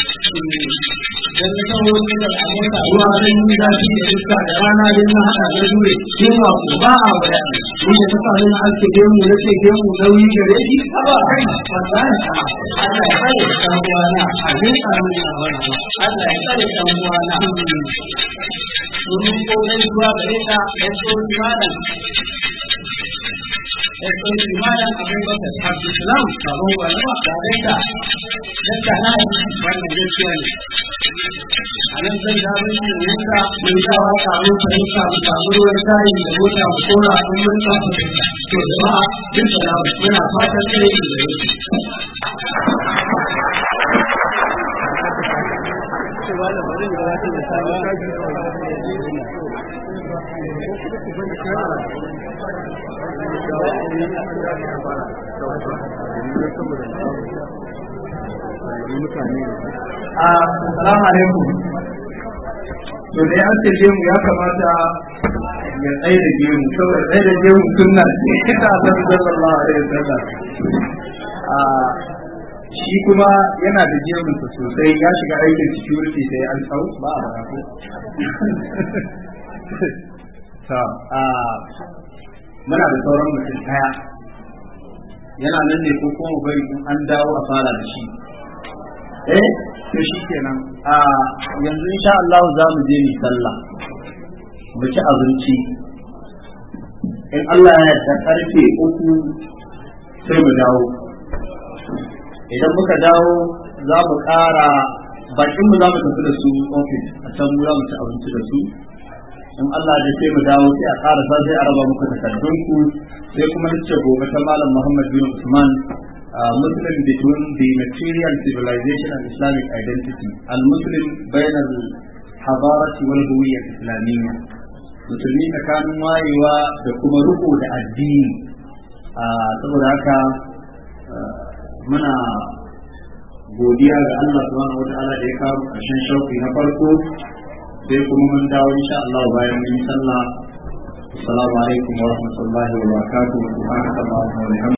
Speaker 1: dan na kawo wani da al'amurka ruwa zan yi zafi da iska da rana da na hada da
Speaker 2: jure yawa ko ba a waya ko ta na da mu da mu da rabi ba a kai ba za
Speaker 1: Allah ya kare kan uwana amin amin Allah ya kare kan uwana domin ko dan ruwa gare ta ya so imanan ya so imanan abin da ta haƙi islam ruwa ne ba da ta yadda na wannan gaskiya ne a nan zan da mun yi yanka mun sa wa samu sai sa mu samu ruwan tayi da mota mu kora mun mun sa mu to jama'a din da muna fatan sai da
Speaker 2: Thank you. mutane Ah, assalamu alaikum to dai an ce gemu
Speaker 1: ya kamata ya tsaye da gemu saboda tsaye da gemu sunna ce a annabi sallallahu alaihi wasallam a ah, shi kuma yana da gemu sosai ya shiga aikin security sai an tsau ba a ba ko to a ah, muna da sauran mutum daya yana nan ne ko kuma bari an dawo a fara da shi eh to shi kenan a yanzu insha Allah za mu je mu sallah mu ci abinci in Allah ya yarda karfe uku sai mu dawo idan muka dawo za mu ƙara bakin mu za mu tafi da su ofis a can mu za mu ci abinci da su in Allah da sai mu dawo sai a ƙara sai a raba muku takardun ku, sai kuma nace gobe ta malam Muhammad bin Usman Muslim between the material civilization and Islamic identity al-Muslim bayan al-hadarati wal huwiyya islamiyya musulmi tsakanin wayewa da kuma riko da addini ah, saboda haka ah, muna godiya ga Allah subhanahu wataala da ya kawo ƙarshen shauki na farko sai kuma mun dawo insha Allah bayan mun sallah assalamu alaikum wa rahmatullahi wa barakatuh